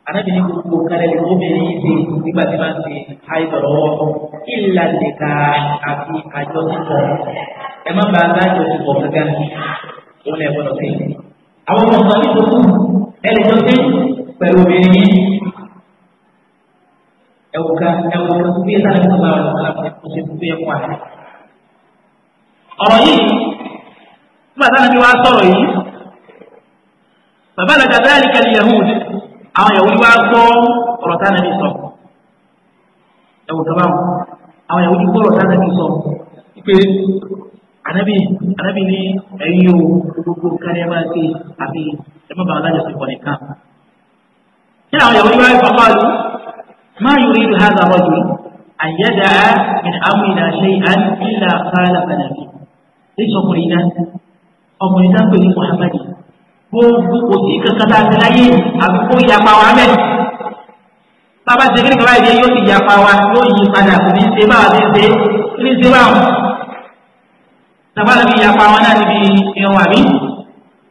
anábìíní gbogbo kálẹ̀lẹ̀ obìnrin yìí ṣe nígbà tí wọ́n ṣe àìsàn lọ́wọ́ ìlà lẹ́ka àti àjọṣepọ̀ ẹ má bàa bá àjọṣepọ̀ gángan òun lè gbọ́dọ̀ sí. àwọn ọmọ kan nítorí ẹlẹ́jọ́ sí pẹ̀lú obìnrin yìí ẹ̀wùká ẹ̀wùká bí sáré fún bàbá rẹ̀ sọ́la fún ẹ̀kọ́ ṣe fún bí ẹ̀kọ́ àná. ọ̀rọ̀ yìí nígbà táwọn ibi wá sọ̀rọ̀ yìí bàbá àlàjà bẹ́ẹ̀ àwọn yahudi wá gbọ́ ọ̀rọ̀ tá nàbí sọ ẹwọ kaba àwọn yahudi gbọ́ ọ̀rọ̀ tá nàbí sọ pé anabi anabi ní ẹ̀yin o gbogbo kárí ẹ máa ṣe àbí ẹ alájọ sí pọ̀ nìkan kí àwọn yahudi wá gbọ́ ọ̀rọ̀ ma yuridu hadha ar-rajul an yada'a min amrina shay'an illa qala fanabi. Ní sọkùnrin náà, ọkùnrin náà pè ní Mùhàmmadi gbogbo kò sí kankan tá a ti láyé àbí kó yapa wa mẹ́. bàbá ṣe kíni kaba yìí yóò ti yapa wa yóò yí padà kò ní ṣe báwa ti ṣe kí ni ṣe báwa. sábà níbi yapa wa náà níbi irun àbí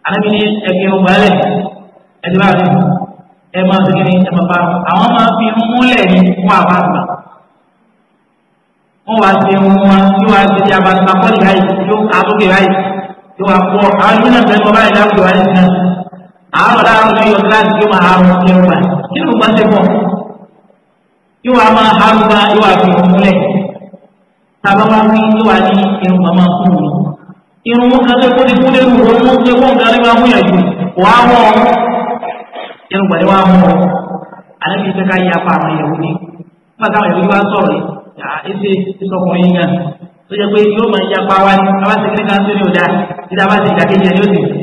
àbí ní ẹgbẹ́ irun gbọ́lẹ̀ ẹ̀dí báwa ni ẹ máa ṣe kíni ẹ máa bá àwọn máa fi múlẹ̀ ní fún àbá àgbà. wọ́n wá ṣe wọn yóò wá ṣe ti abàtúmọ̀ pọ́lì báyìí yóò kà á lókè báyìí yóò máa pọ̀ àwọn ìlú náà bẹ̀rẹ̀ báyìí láwùjọ wáyé sí náà àwọn aláàrùn yóò kíláàsì yóò máa harun ní ọgbà kí ló bá ṣe pọ̀ yóò wá máa harun bá yóò wá fi òun múlẹ̀ tàbá wá wí yóò wá ní irun màmá kú wọn irun wọn kan lẹ́kọ́ ní kúlẹ̀ rù wọn wọn lẹ́kọ́ ń darí máa múyàn jù wàá wọ̀ irun gbàdé wàá mú wọn alẹ́ mi fẹ́ ká yí apá àwọn ìyàwó ni nígbà táwọn ìyàwó yìí wá sọ̀rọ̀ yà á ẹsẹ̀ tó jẹ́ pé yóò máa ya pa wá ní abáṣe kí nìkan tó ní ọ̀dà ìdá abáṣe ìdàkejì ẹni ó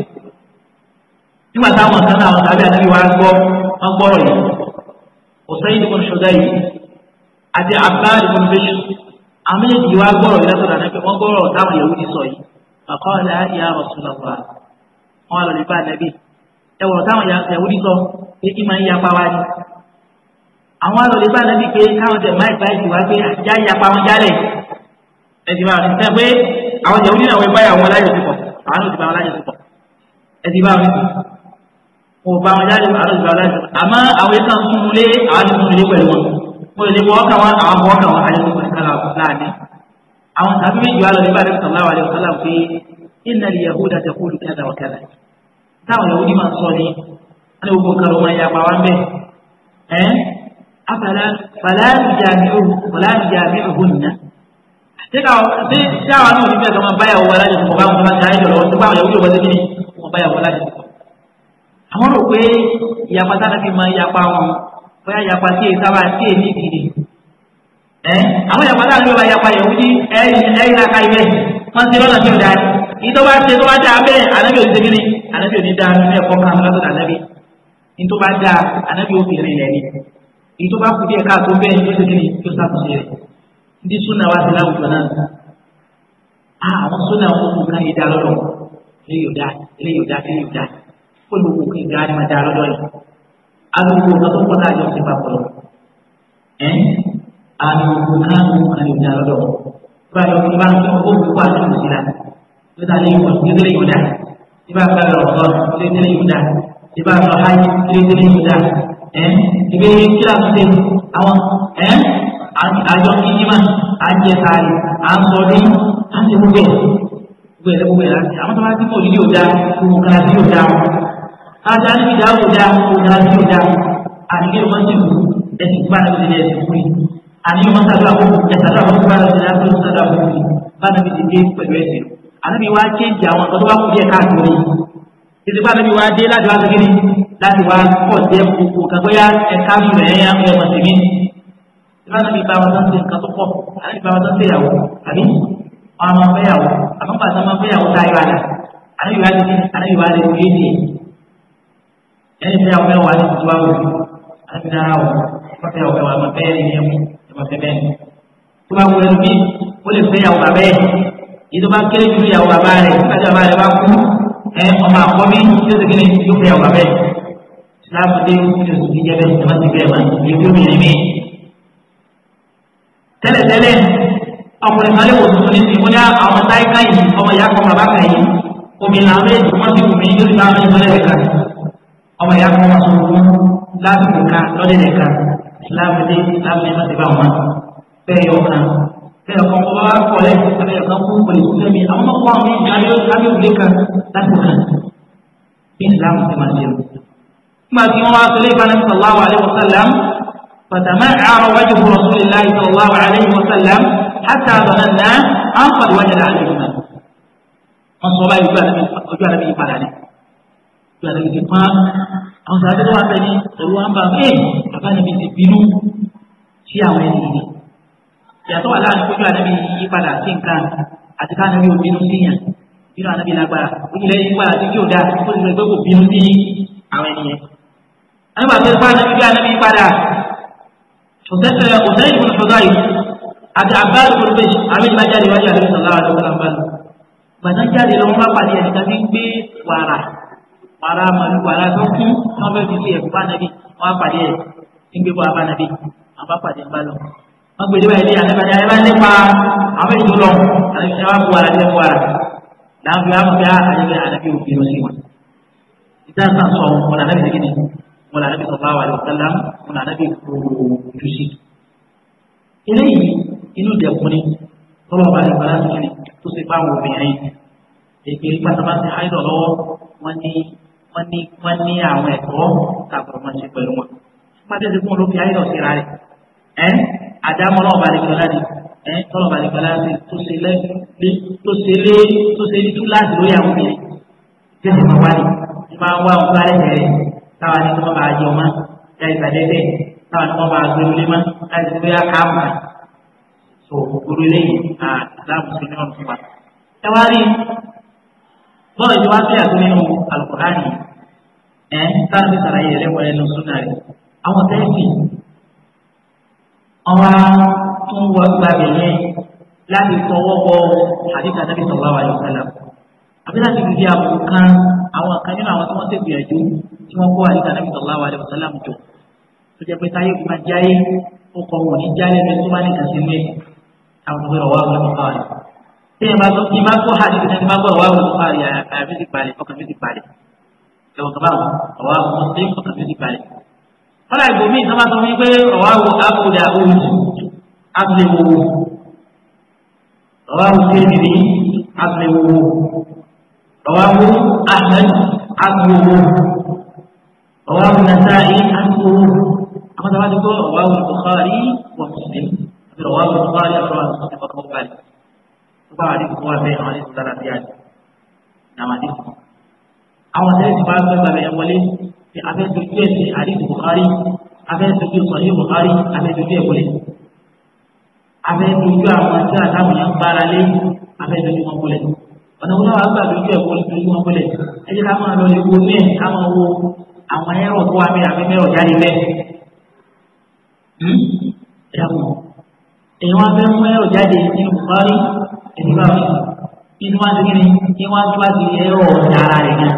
nígbà táwọn kan náà àwọn tàbí àti wa gbọ́ wọn gbọ́rọ̀ yìí Usayd ibn Hudayr àti Abbad ibn Bishr àwọn méjèèjì wa gbọ́rọ̀ yìí látọ̀dà náà pé wọ́n gbọ́rọ̀ táwọn Yahudi sọ yìí faqala ya Rasulullah wọn lọ nípa ànábì ẹwọ̀rọ̀ táwọn Yahudi sọ pé kí máa ń yapa àwọn àlọ́ nípa ànábì pé káwọn tẹ̀ máì báyìí pé àjá yapa wọn jálẹ̀ ẹtì bá wọn sẹ pé àwọn yahudi náà wọ́n báyà wọn láyò sí pọ̀ àwọn náà ti bá wọn láyò sí pọ̀ ẹtì bá wọn kò bá wọn láyò àwọn ti bá wọn láyò sí pọ̀ àmọ́ àwọn yẹn kan tún lé àwọn ti tún lé pẹ̀lú wọn mo lè wọ́n kà wọn àwọn bọ́ kà wọn àyè wọn kàlà láàdé àwọn tàbí méjì wà lọ nípa àdébí sàlá wà lè sàlá pé iná lè yahuda tẹ ṣé káwọn ṣé ṣé àwọn náà níbi ẹ̀ka máa báyàwó wa láti sọ̀kọ̀ báwọn máa ṣe àìjọ lọ́wọ́ ṣùgbọ́n àwọn yòówù lọ́wọ́ síbi wọn báyàwó láti sọ̀kọ̀. àwọn rò pé ìyapa sáà fi máa yapa wọn bóyá ìyapa sí èyí sábà sí èyí ìdìdì. ẹ àwọn ìyapa sáà ló bá yapa yòówù ní ẹ̀yìn náà ká ilé wọn ti lọ́nà tí ò dáa ìtọ́ ṣe tó bá dáa bẹ́ẹ̀ ànábì òní ṣẹ́gi ni ànábì òní dáa nínú ẹ̀kọ́ kan látọ̀ ànábì ìtọ́ bá dáa ànábì òbí rìn rẹ̀ ni ìtọ́ bá kú díẹ̀ káàtó bẹ́ẹ̀ ló ṣẹ́gi ni yóò ṣàtúnṣe rẹ̀ ndí súnà wá sí láwùjọ náà a àwọn súnà wọn kò ká yé dá lọ́dọ̀ eléyìí ò dá eléyìí ò dá eléyìí ò dá kó ló kò kí n dá ni má dá lọ́dọ̀ yìí alùpùpù kan tó kọ́ta àjọ ti papọ̀ lọ ẹ́ alùpùpù kan kò ká yé dá lọ́dọ̀ bá yọ kí n bá kó kó àti òsì la ló ta lé ìwọ̀n ní eléyìí ò dá ibà gba lọ́kọ́ eléyìí ò dá ibà lọ hajj eléyìí ò dá ẹ́ kíláàsì àwọn ẹ́ àjọ kìíní mà àjẹsàárì àsọdí àti gbogbo ẹ gbogbo ẹ lẹ gbogbo ẹ láti àwọn tó bá ti kọ òdìdí òdá gbogbo kan àti òdá kájà ní ìdá òdá òdá àti òdá àdìgẹ wọn ti wù ẹsìn gbà láti lè ẹsìn fún yìí àníyàn wọn sàdúrà fún ẹsàdúrà fún gbà láti lè ẹsìn fún sàdúrà fún yìí bá nàbí ti dé pẹ̀lú ẹsìn ànábi wá kéèjì àwọn ọ̀dọ́ wá kúrò yẹ káàkiri títí bá nàbí wá dé láti wá gbégbé láti wá pọ̀ láti fi bá wọn tán ṣe nǹkan tó pọ̀ láti bá wọn tán ṣe ìyàwó àbí wọn máa fẹ́ yàwó àmọ́ pàṣẹ máa fẹ́ yàwó tá ìwà rẹ̀ àníwá ti kí àníwá rẹ̀ kò yé ni ẹni fẹ́ yàwó mẹ́wàá ní ìtura wò àti dára wò wọ́n fẹ́ yàwó mẹ́wàá máa fẹ́ ẹni ẹ̀mú ẹ̀mọ́ fẹ́ bẹ́ẹ̀ ni. tó bá wúlò bí ó lè fẹ́ yàwó bàbá ẹ̀ yìí tó bá kéré ju yàwó bàbá rẹ̀ nígbàtí bàbá rẹ̀ bá kú tẹ́lẹ̀tẹ́lẹ̀ ọkùnrin kan lè wò tuntun ní ìwọ́n yá àwọn táyíká yìí ọmọ ìyá kan bàbá kan yìí omi làwọn méjì wọ́n ti omi yóò bá wọn ìmọ̀lẹ̀ rẹ̀ kan ọmọ ìyá kan wọn sọ̀rọ̀ láti kò ká lọ́dẹ̀ rẹ̀ kan láàmìlẹ̀ láàmìlẹ̀ náà ti bá wọn bẹ́ẹ̀ yọ kan bẹ́ẹ̀ kan kọ́ bá kọ́lẹ̀ abẹ́rẹ́ kan kú kò lè kú àwọn ọmọ kan mi ayé kan láti kò kan bí ìsìlámù ti máa ṣe فتمعر وجه رسول الله صلى الله عليه وسلم حتى ظننا أن قد وجد عليهما فصوبا يقال أجوال به قال عليه يقال به قال أو سألت له أبني قلوا أن باب إيه أبانا بنت بنو شيا ويني yàtọ̀ wà láàrin kójú ànábi yípadà sí nǹkan àti ká ànábi òbínú síyàn nínú ànábi lágbára òjìlẹ̀ yípadà sí kí ò dáa ó ti sọ pé kò bínú sí àwọn ènìyàn. ànábi àti ìfọ̀ Hussein bin Hudayr àti Abbas bin Bej àwọn ìbá jáde wájú àdúgbò sọ̀rọ̀ àwọn àdúgbò sọ̀rọ̀ gbàdá jáde lọ wọn bá pàdé ẹni kan tí ń gbé wàrà wàrà màlúù wàrà tó kú wọn fẹẹ fi ṣe ẹkọ bá nàbí wọn pàdé ẹ ń gbé bọ abá nàbí wọn bá pàdé ń bá lọ wọn gbèdé wáyé ní àtàkàdé ayé bá nípa àwọn ètò lọ àti ìṣẹ́ wọn bu wàrà tẹ́ bu wàrà láàbù yà wọn fi àyè àdàbí òfin lọ sí wọn. ìdáhùn sàn sọ wọn làbẹ́ wọn lànà bí sọ̀rọ̀ àwọn àlùfáàlà wọn lànà bí kúrò ojú sí. eléyìí inú ìdẹ̀kùn ni tọ́lọ́ bá lè gbára sí ni tó ṣe báwọn obìnrin èké pátápátá àìdọ̀ lọ́wọ́ wọ́n ní wọ́n ní wọ́n ní àwọn ẹ̀kọ́ kàkọ́ wọn ṣe pẹ̀lú wọn. pátá ti fún olófin àìdọ̀ síra rẹ̀ ẹ́ àdámọ́ náà bá lè gbára ẹ́ tọ́lọ́ bá lè gbára tó ṣe lé tó ṣe lé tó ṣe ní túláàsì lórí àwọn táwa ní kí wọ́n bá yọ mọ́ láì sàdédé táwa ní kí wọ́n bá gbẹrù lé mọ́ láì sọ bóyá káàmù tó gbúrú lẹ́yìn àtìláàmù sí náà fún wa. ẹ wá rí bọ́ọ̀lù tí wọ́n fẹ́yà tó nínú alukurani ẹ̀ sáà ní sàlàyé ẹlẹ́wọ̀n ẹnu súnà rẹ̀ àwọn tẹ́sí ọwọ́ tún wọ gbàgbẹ́ yẹn láti fọwọ́ bọ àdìgbà sọ̀rọ̀ àwọn àyọ̀kálà àbí láti fi di àbùkù kan àwọn kan nínú àwọn tí wọ́n tẹ̀gbìn ẹ̀jọ́ tí wọ́n kó àyíká nàbí sallallahu alaihi wasallam jọ tó jẹ́ pé táyé kúmá jáyé ó kọ wọn ní jáyé ní tó bá ní kàṣí ní àwọn ìwé ọ̀wá wọn ní báyìí. tí ẹ máa tó kí máa tó hàdí ní máa gbọ́ ọ̀wá wọn ní báyìí àyàfi ti balẹ̀ ọkàn mi ti balẹ̀ ẹ̀wọ̀n kaba ọ̀wá wọn ní ọkàn mi ti balẹ̀. wọ́n láì gbòmí ìsọ́mọ́ sọ wípé ọ̀wá wọn àbúdà òun àbúlé wo ọ̀wá wọn رواه أحمد عقله رواه النسائي عقله أما ذلك رواه البخاري ومسلم رواه البخاري رواه مسلم ورواه مالك وبعد هو بين عليه الصلاة يعني نعم عليك أما ذلك بعد ما بين ولي في أبي سجيه حديث البخاري أبي سجيه صحيح البخاري أبي سجيه ولي أبي سجيه أما ذلك أبي سجيه أبي سجيه ọ̀nà wọn náà gbà lójú ẹ̀kọ́ lójú wọn pẹ̀lẹ́ ẹ jẹ́ ká máa lọ epo ní ẹ̀ ká máa wo àwọn ẹ̀rọ tó wà mí àbí mẹ́rọ jáde bẹ́ẹ̀. ìyàwó èyí wọn fẹ́ mú ẹ̀rọ jáde nínú bukari ẹ̀dí bá wọn inú wa ti kiri ní wọn tó wá sí ẹ̀rọ ọ̀dára rẹ̀ náà.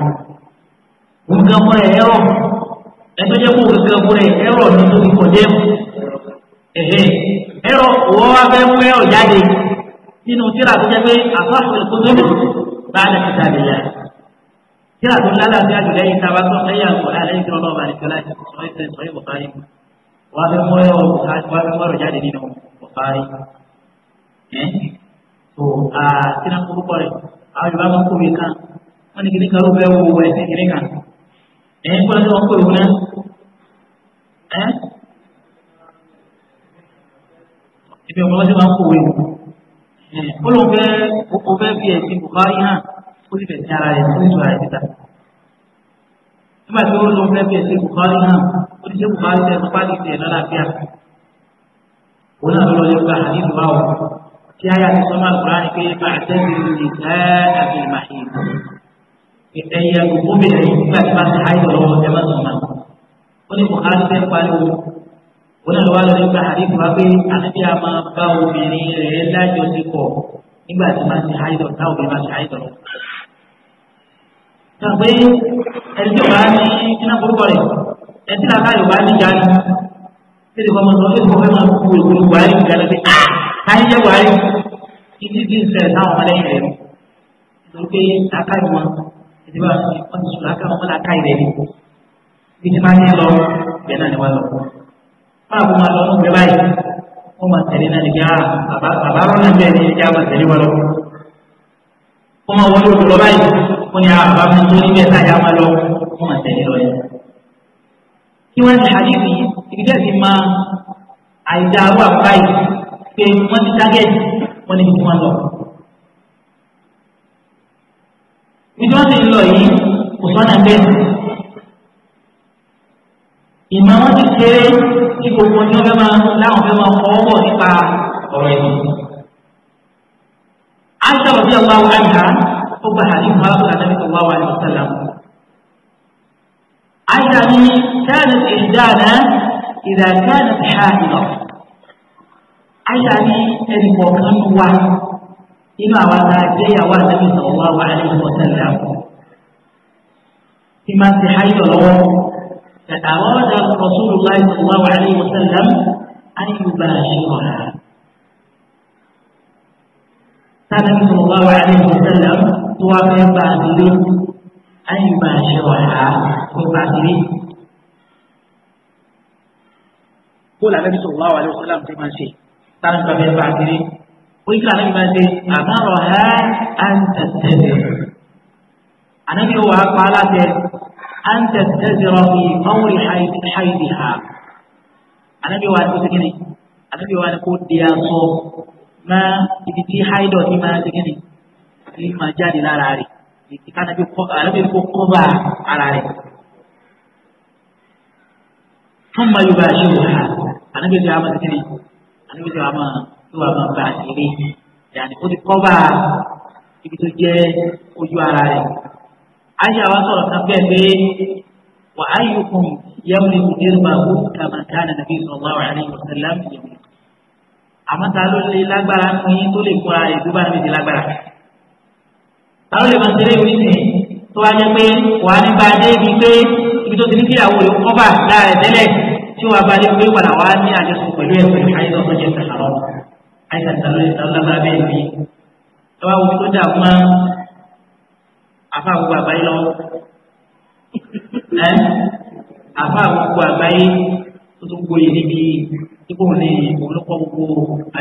òun gan fún ẹ̀ ẹ̀rọ ẹ̀tọ́ jẹ́ kó gan fún ẹ̀ ẹ̀rọ ní tó fi kọjá ẹ̀rọ òwò wa fẹ́ mú ẹ̀rọ jáde nínú tíra tó jẹ́ pé àtọ́ àti بعد كتاب الله كلا تقول لا لا تجد لي تابعت أي القرآن لي ترى الله عليه وسلم صحيح صحيح بخاري وابي مرة وبخاري وابي مرة جاد دينه بخاري إيه تو آه تنا كم بقولي أو يبغى ما كم يكان أنا كذي كارو بيو ولا كذي كان إيه كلا تقول كم يكون إيه ibi ọmọ ọlọ́dún máa ń kó wéwu ọlọ́run fẹ́ o fẹ́ fi ẹ̀sìn bùkárí hàn ó sì fẹ̀sìn ara rẹ̀ fún ìtura ìdíta. nígbà tí ó lọ fẹ́ fẹ́ ṣe bùkọ́lì náà ó ti ṣe bùkọ́lì tẹ̀ nípa ní tiẹ̀ lọ́la bíà. òun náà lọ́ọ́ lè gba àdìsí wa o kí ayé àti sọ́mà kúrá ni pé bá a tẹ́sí ní ẹ́ àti ìmàhì. ẹ̀yẹ gbogbo mi lẹ́yìn nígbà tí wọ́n ti háyé lọ́wọ́ ẹ má sọ ma. ó ní bùkọ́lì tẹ́ pariwo òun náà lọ́wọ́ lè gba àdìsí pé àdìsí a máa bá obìnrin rẹ̀ lájọṣepọ̀ sọ pé ẹni tí o bá ní iná forúkọ rẹ ẹni tí làákà yóò bá ní ìjà ni ṣé ìdíkọ́ ọmọ sọ pé ìdíkọ́ fẹ́ máa kú ìkúrú buhari ìjà lọ sí a káyé jẹ́ buhari títí tí ń ṣẹlẹ̀ táwọn ọmọlẹ́yìn rẹ̀ nítorí pé làákà yìí wọn ẹni bá wọn ti sùn làákà wọn làákà yìí rẹ̀ ni bí ti máa ń lọ bẹ́ẹ̀ náà ni wọ́n lọ. fáwọn ọmọ lọ́nà gbẹ báyìí wọ́n máa tẹ̀lé náà nígbà ah! bàbá wọ́n máa wọlé òkú lọ báyìí wọ́n ní ah, àbá mi tó níbẹ̀ táyà máa lọ wọ́n máa tẹ̀lé lọ yẹn. kí wọ́n ti hadith yìí ibi tẹ́sí máa àìdá àwọn àbúrá yìí pé wọ́n ti tágẹ́tì wọ́n níbi tí wọ́n lọ. ibi wọ́n ti lọ yìí kò sọ́nà bẹ́ẹ̀. ìmọ̀ wọn ti kéré ní gbogbo ní wọ́n fẹ́ máa láwọn fẹ́ máa fọwọ́ bọ̀ nípa ọ̀rọ̀ ìmọ̀. عائشة رضي الله عنها حب حديث رسول النبي صلى الله عليه وسلم عائشة كانت إحدانا إذا كانت حائضة عائشة أن يكون هو إما وما وانا النبي صلى الله عليه وسلم إما في حيض فأراد رسول الله صلى الله عليه وسلم أن يباشرها النبي صلى الله عليه وسلم هو توافق بعدين أن يباشرها وبعدين قول النبي صلى الله عليه وسلم في ماشي كان كبير بعدين ويقول النبي ما شيء أمرها أن تستدر النبي هو قالت أن تستدر في قول حيث حيثها النبي هو أن تسكني النبي هو أن mọ́ ibi tí haidọ̀ ti máa ṣe kíni ti máa jáde lára rẹ̀ ìkànnàbí kọ́ àrẹ́bí kò kọ́ba ara rẹ̀. fún mayuba yóò ha àrẹ́bí tí a máa ṣe kíni àrẹ́bí tí a máa tí wàá máa bá a ṣe rí yàní ó ti kọ́ba ibi tó jẹ́ ojú ara rẹ̀. àyà wa sọ̀rọ̀ kan bẹ́ẹ̀ pé wà á yùkùn yẹ́mu ní kùdírùbà ó kàmá kánà nàbí sallallahu alaihi wasallam yẹ́mu ní kùdírùbà àmọ́ ta ló lè lágbára fún yín tó lè kóra rẹ̀ tó bá di lágbára. ta ló lè máa ṣeré orí mi tó wá jẹ́ pé wàá ní bá a dé ibi pé ibi tó ti ní kíyàwó rẹ̀ kọ́ bà láàrẹ̀ tẹ́lẹ̀ tí wàá bá dé pé padà wàá ní àjọṣepọ̀ pẹ̀lú ẹ̀ pẹ̀lú àìsàn tó jẹ́ sàkàrọ̀ àìsàn ta ló lè ta ló lágbára bẹ́ẹ̀ ni. ẹ wá wo ibi tó dà fún wa àfa gbogbo àgbáyé lọ àfa gbogbo àgbáyé tó tó ipò ní olùkọ́ gbogbo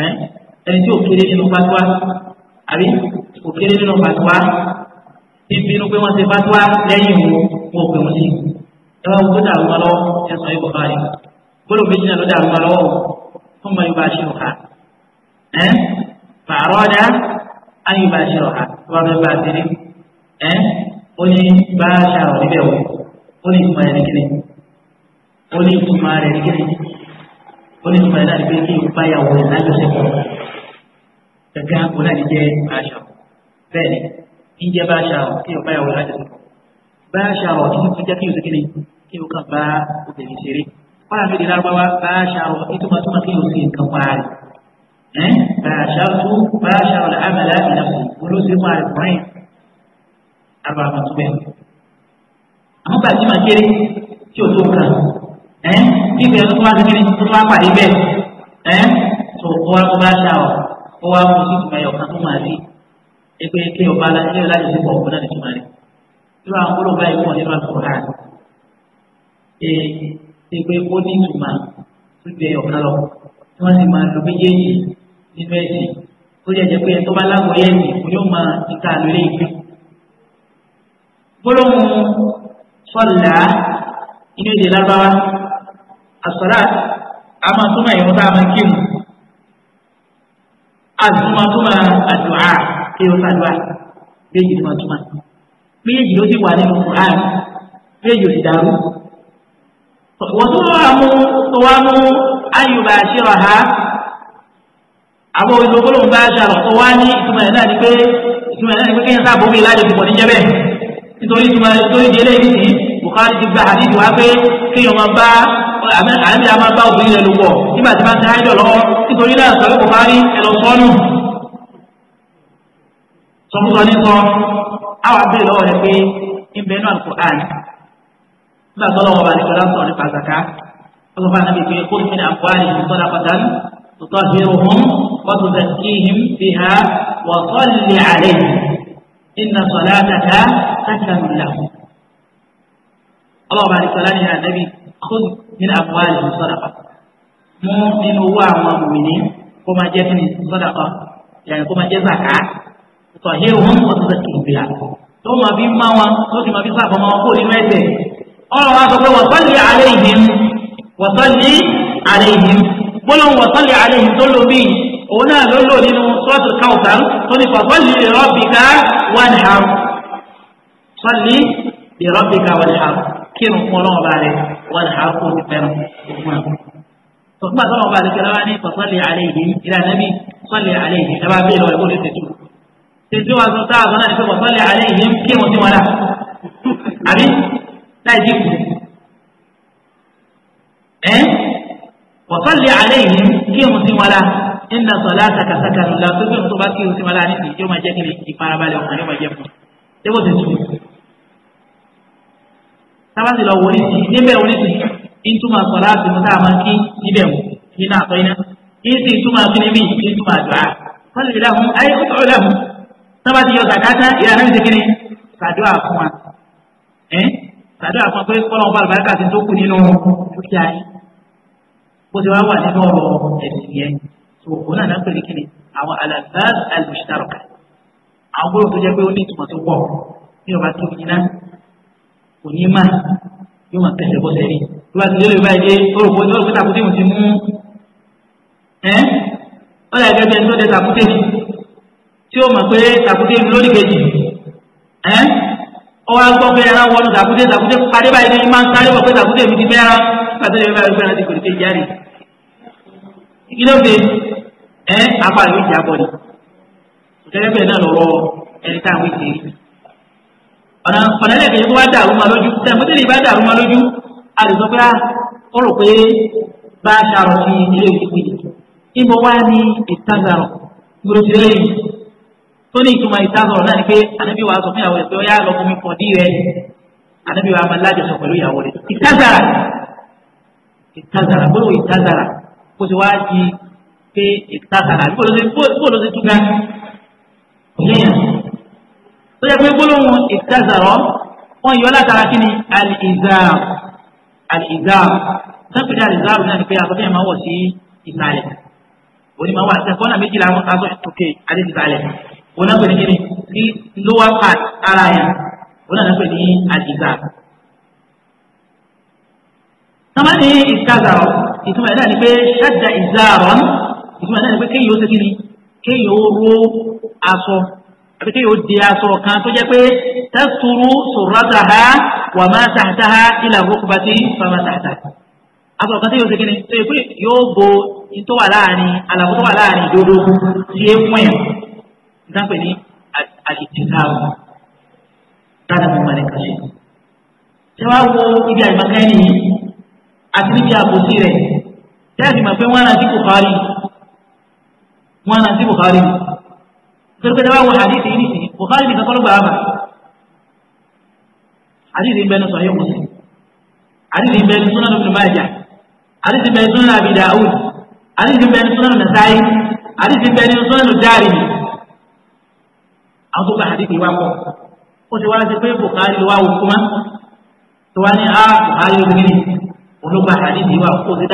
ẹni tí ò kéré nínú fatuwa àbí ò kéré nínú fatuwa tí ń bínú pé wọ́n ṣe fatuwa lẹ́yìn òun wọn ò pè wọ́n sí i ẹ wá wọ́n dàrú wọn lọ́wọ́ ẹ sọ ibò báyìí gbọ́dọ̀ méjì náà ló dàrú wọn lọ́wọ́ fún mọ́ ibà ṣe ọ̀ka ẹ pààrọ̀ ọ̀dà ayé ibà ṣe ọ̀ka wọ́n fẹ́ bá a ti rí ẹ ó ní bá a ṣàrọ̀ níbẹ̀ wọ̀ ó ní ìtumọ̀ rẹ̀ ní kíni ó ní ìtumọ̀ rẹ̀ ní kíni onítùmọ̀ náà ni pé kí n báyàwó rẹ̀ lájọṣepọ̀ gẹ́gẹ́ àpò náà ní jẹ́ báṣà bẹ́ẹ̀ ni ń jẹ́ báṣà kí n báyàwó rẹ̀ lájọṣepọ̀ báṣà ọ̀tún ti jẹ́ kí n sèkìlì kí n kàn bá obìnrin ṣeré wọ́n àti ìdílárúbáwá báṣà ọ̀tún ìtumọ̀ túmọ̀ kí n sì nǹkan parí ẹ́ báṣà ọ̀tún báṣà ọ̀lẹ̀ àmàlà ìdàpọ̀ olóṣèlú parí kùnrin àbàmọ̀tún bẹ́ẹ̀ àmọ́ bàtí màá kéré tí ò tó nǹkan ẹ nígbà tó bá tẹ́lẹ̀ tó bá pàdé bẹ́ẹ̀ ẹ tó o wa kó bá dà ọ o wa kó sí ìtumọ̀ ẹ̀yọ̀ kan tó máa rí ẹgbẹ́ kí ọba aláṣẹ yóò láti ṣe pọ̀ ọ̀gbọ́n náà nìtúmọ̀ rẹ̀ irú àwọn gbọ́dọ̀ báyìí pọ̀ nínú àtúntò náà ẹ ẹgbẹ́ ó ní ìtumọ̀ tó ju ẹ̀yọ̀ kan lọ tí wọ́n sì máa lo méjèèjì nínú ẹ̀sìn ó jẹ́ jẹ́ pé tó bá lágbo ẹ̀sìn kò yóò máa ìta lórí ìgbé gbólóhùn sọ̀lá inú èdè lágbára àsọ̀rá àmà túmọ̀ ìrún tá a máa kírun àtúmọ̀ túmọ̀ àdùá kéwọ́n sàdùá méjì túmọ̀ túmọ̀ méjì ló ti wà nínú Qur'an méjì ò ti dàrú. wọ́n tún wá mú wá mú ayùbá àṣírọ̀ ha àwọn olùdókòlòmù bá aṣọ àlọ́ tó wá ní ìtumọ̀ ẹ̀ náà ni pé ìtumọ̀ ẹ̀ náà ni pé kéèyàn sábà bóbi láti dùbọ̀ níjẹ́ bẹ́ẹ̀ nítorí ìtumọ̀ nítorí ti gba àdídì wá pé kéèyàn máa bá àmì àmà bá obìnrin rẹ̀ lò pọ̀ nígbà tí bá ti háìdọ̀ lọ́wọ́ nítorí náà sọ kò bá rí ẹlọ sọ́nù sọkúsọ ní sọ àwọn abẹ́rẹ́ lọ́wọ́ rẹ̀ pé ibẹ̀ náà kò hàn nígbà tó lọ́wọ́ bá nípa láti sọ nípa àzàká wọ́n sọ fún àná pé kó nínú àpò àyè ìsọdá pàtàkì tòótọ́ sí ohun wọ́n tó fẹ́ kí ihim fi ha wọ́n sọ́ọ̀lì àlẹ́ ìnà sọ̀lá àtàkà sákàlù ọlọ́ọ̀bá àdìsọ́lá ní ànábì khudh min amwalihim sadaqa mú nínú owó àwọn mùmìnì kó máa jẹ́ kíni sadaqa yàrá kó máa jẹ́ zaka tọ̀ yé wọn wọ́n ti zàkì ìbílà tó máa fi má wọn tó sì máa fi sábà máa kó nínú ẹsẹ̀ ọlọ́wọ́ wa sọ pé wa salli alayhim wa salli alayhim gbólóhùn wa salli alayhim tó lò bíi òun náà ló lò nínú sọ́ọ̀tù káwùtà tó ní fa salli li rabbika wanhar salli kírun fún ọlọ́run ọba rẹ̀ wọ́n ní àákó ti fẹ́ràn fún ẹ̀. Tọ́gbà tọ́lọ̀ ọba rẹ̀ kẹlẹ́ wá ní sọ̀sọ́lì alẹ́ yìí ìlà nẹ́bí sọ́lì alẹ́ yìí ẹ bá bí ìlọrin bóde tètú. Tètú wa sọ sáà sọ́nà ìfẹ́ sọ́lì alẹ́ yìí ń kírun sí wọn dà. Àbí láì dínkù. Ẹ sọ̀sọ́lì alẹ́ yìí kírun sí wọn dà. Iná sọ̀lá sakasaka lọ́la tó gbẹ̀rún tó bá kírun sí wọn dà ní ìjọ́ jẹ́ kí tábàtì lọ wọlé sí débẹ̀ wọlé sí ìtumọ̀ sọ̀rọ̀ àti mọ́tà máa kí níbẹ̀ wò nínú àtọ́ iná kí sì ìtumọ̀ kí níbi ìtumọ̀ àdúrà wọ́n lè láhùn ayé kó tọ̀rọ̀ láhùn tábàtì yọ sàdáta ìyá náà ṣe kíni sàdúrà fún wa ẹ sàdúrà fún wa pé kọ́lọ̀ ọba àlùbáríkà ti tó kù nínú dúkìá yìí bó ti wá wà nínú ọ̀rọ̀ ẹ̀sìn yẹn tó òun náà náà pèlè kíni àwọn alàgbà alùsítàrọ̀kà àwọn gbọ́dọ̀ tó jẹ́ pé ó ní ìtumọ̀ tó pọ̀ ní ọba tó yìí náà kò ní má yóò máa tẹ̀sẹ̀ bọ́sẹ̀ rí tó bá ti lé lórí báyìí dé orúkọ ní orúkọ tàkùté mo ti mú ẹ́ ọ̀là ẹ̀gẹ́ bẹ́ẹ̀ tó dé tàkùté tí ó mọ̀ pé tàkùté lórí kejì ẹ́ ọwọ́ agbọ́ pé ẹran wọnú tàkùté tàkùté padé báyìí ní máa ń sáré bọ̀ pé tàkùté mi ti mẹ́ra pàtó lè bá ẹgbẹ́ láti kòrìkè járe kí ló dé ẹ́ apá yóò jà bọ̀ ni òtẹ́lẹ́fẹ̀ẹ́ náà lọ́rọ̀ ẹni táwọn ìṣèlú ọ̀nà ọ̀nà ẹlẹ́kẹ̀ẹ́ tó bá dàrú ma lójú tẹ̀ mú tẹ̀lé bá dàrú ma lójú a lè sọ pé ah, ó rò pé bá a ṣàrọ̀ sí ilé ìwé ìbò wá ní ìtazàrọ̀ gbòòrò lẹ́yìn tó ní ìtumọ̀ ìtazàrọ̀ náà ni pé ànábì wa sọ fún ìyàwó rẹ̀ pé ó yá lọ́kọ́ mi pọ̀ dí rẹ̀ ànábì wa máa lájọsọ pẹ̀lú ìyàwó rẹ̀ ìtazàrà ìtazàrà gbòòrò ìtazàrà kó ti wá di pé ìtazàrà tó yẹ pé gbólóhùn ìtẹ́sàrọ́ wọ́n yọ látara kí ni al-izar al-izar sẹ́pẹ̀lẹ́ al-izar náà ni pé aṣọ tí yẹn máa wọ̀ sí ìsàlẹ̀ òní máa wà sẹ́kọ́nà méjìlá aṣọ ìtòkè adé ìsàlẹ̀ òun náà pè ní kí ni sí lower part ara yẹn òun náà pè ní al-izar ní ìtazàrọ̀ ìtumọ̀ náà ni pé ṣáda ìzàrọ̀ ìtumọ̀ náà ni pé kéèyàn ó àbí kéèyàn ó di aṣọ kan tó jẹ́ pé tẹ́sùrù sòrọ́tà ha wà máa tàtà ha ilà òkúba tí fama tàtà. aṣọ kan tó yóò ṣe kí ni tó yẹ pé yóò bo tó wà láàrin àlàfo tó wà láàrin ìdodo tí é fún ẹ̀ nígbà pé ní àṣìṣìṣàwò dáadáa fún mọ̀lẹ́ kàṣẹ́. ṣé wàá wo ibi àìmọ̀kan ẹni àti níbi àbòsí rẹ̀ tẹ́lẹ̀ ti mọ̀ pé wọ́n á rántí Bukhari wọ́n á rántí Bukhari torípé dábàá wọ hadith yìí nìsín Bukhari nìkan kọ́ ló gbà ábà hadith yìí bẹnu sọ̀rọ̀ yóò mú sí hadith yìí bẹnu Sunan Ibn Majah hadith yìí bẹnu Sunan Abi Dawud hadith yìí bẹnu Sunan Nasa'i hadith yìí bẹnu Sunan Darimi àwọn tó gba hadith yìí wá ó ti wá pé Bukhari ló wá wò kúmá tó wá ní a ah, Bukhari ló gbé ní olùgbà hadith yìí kó ti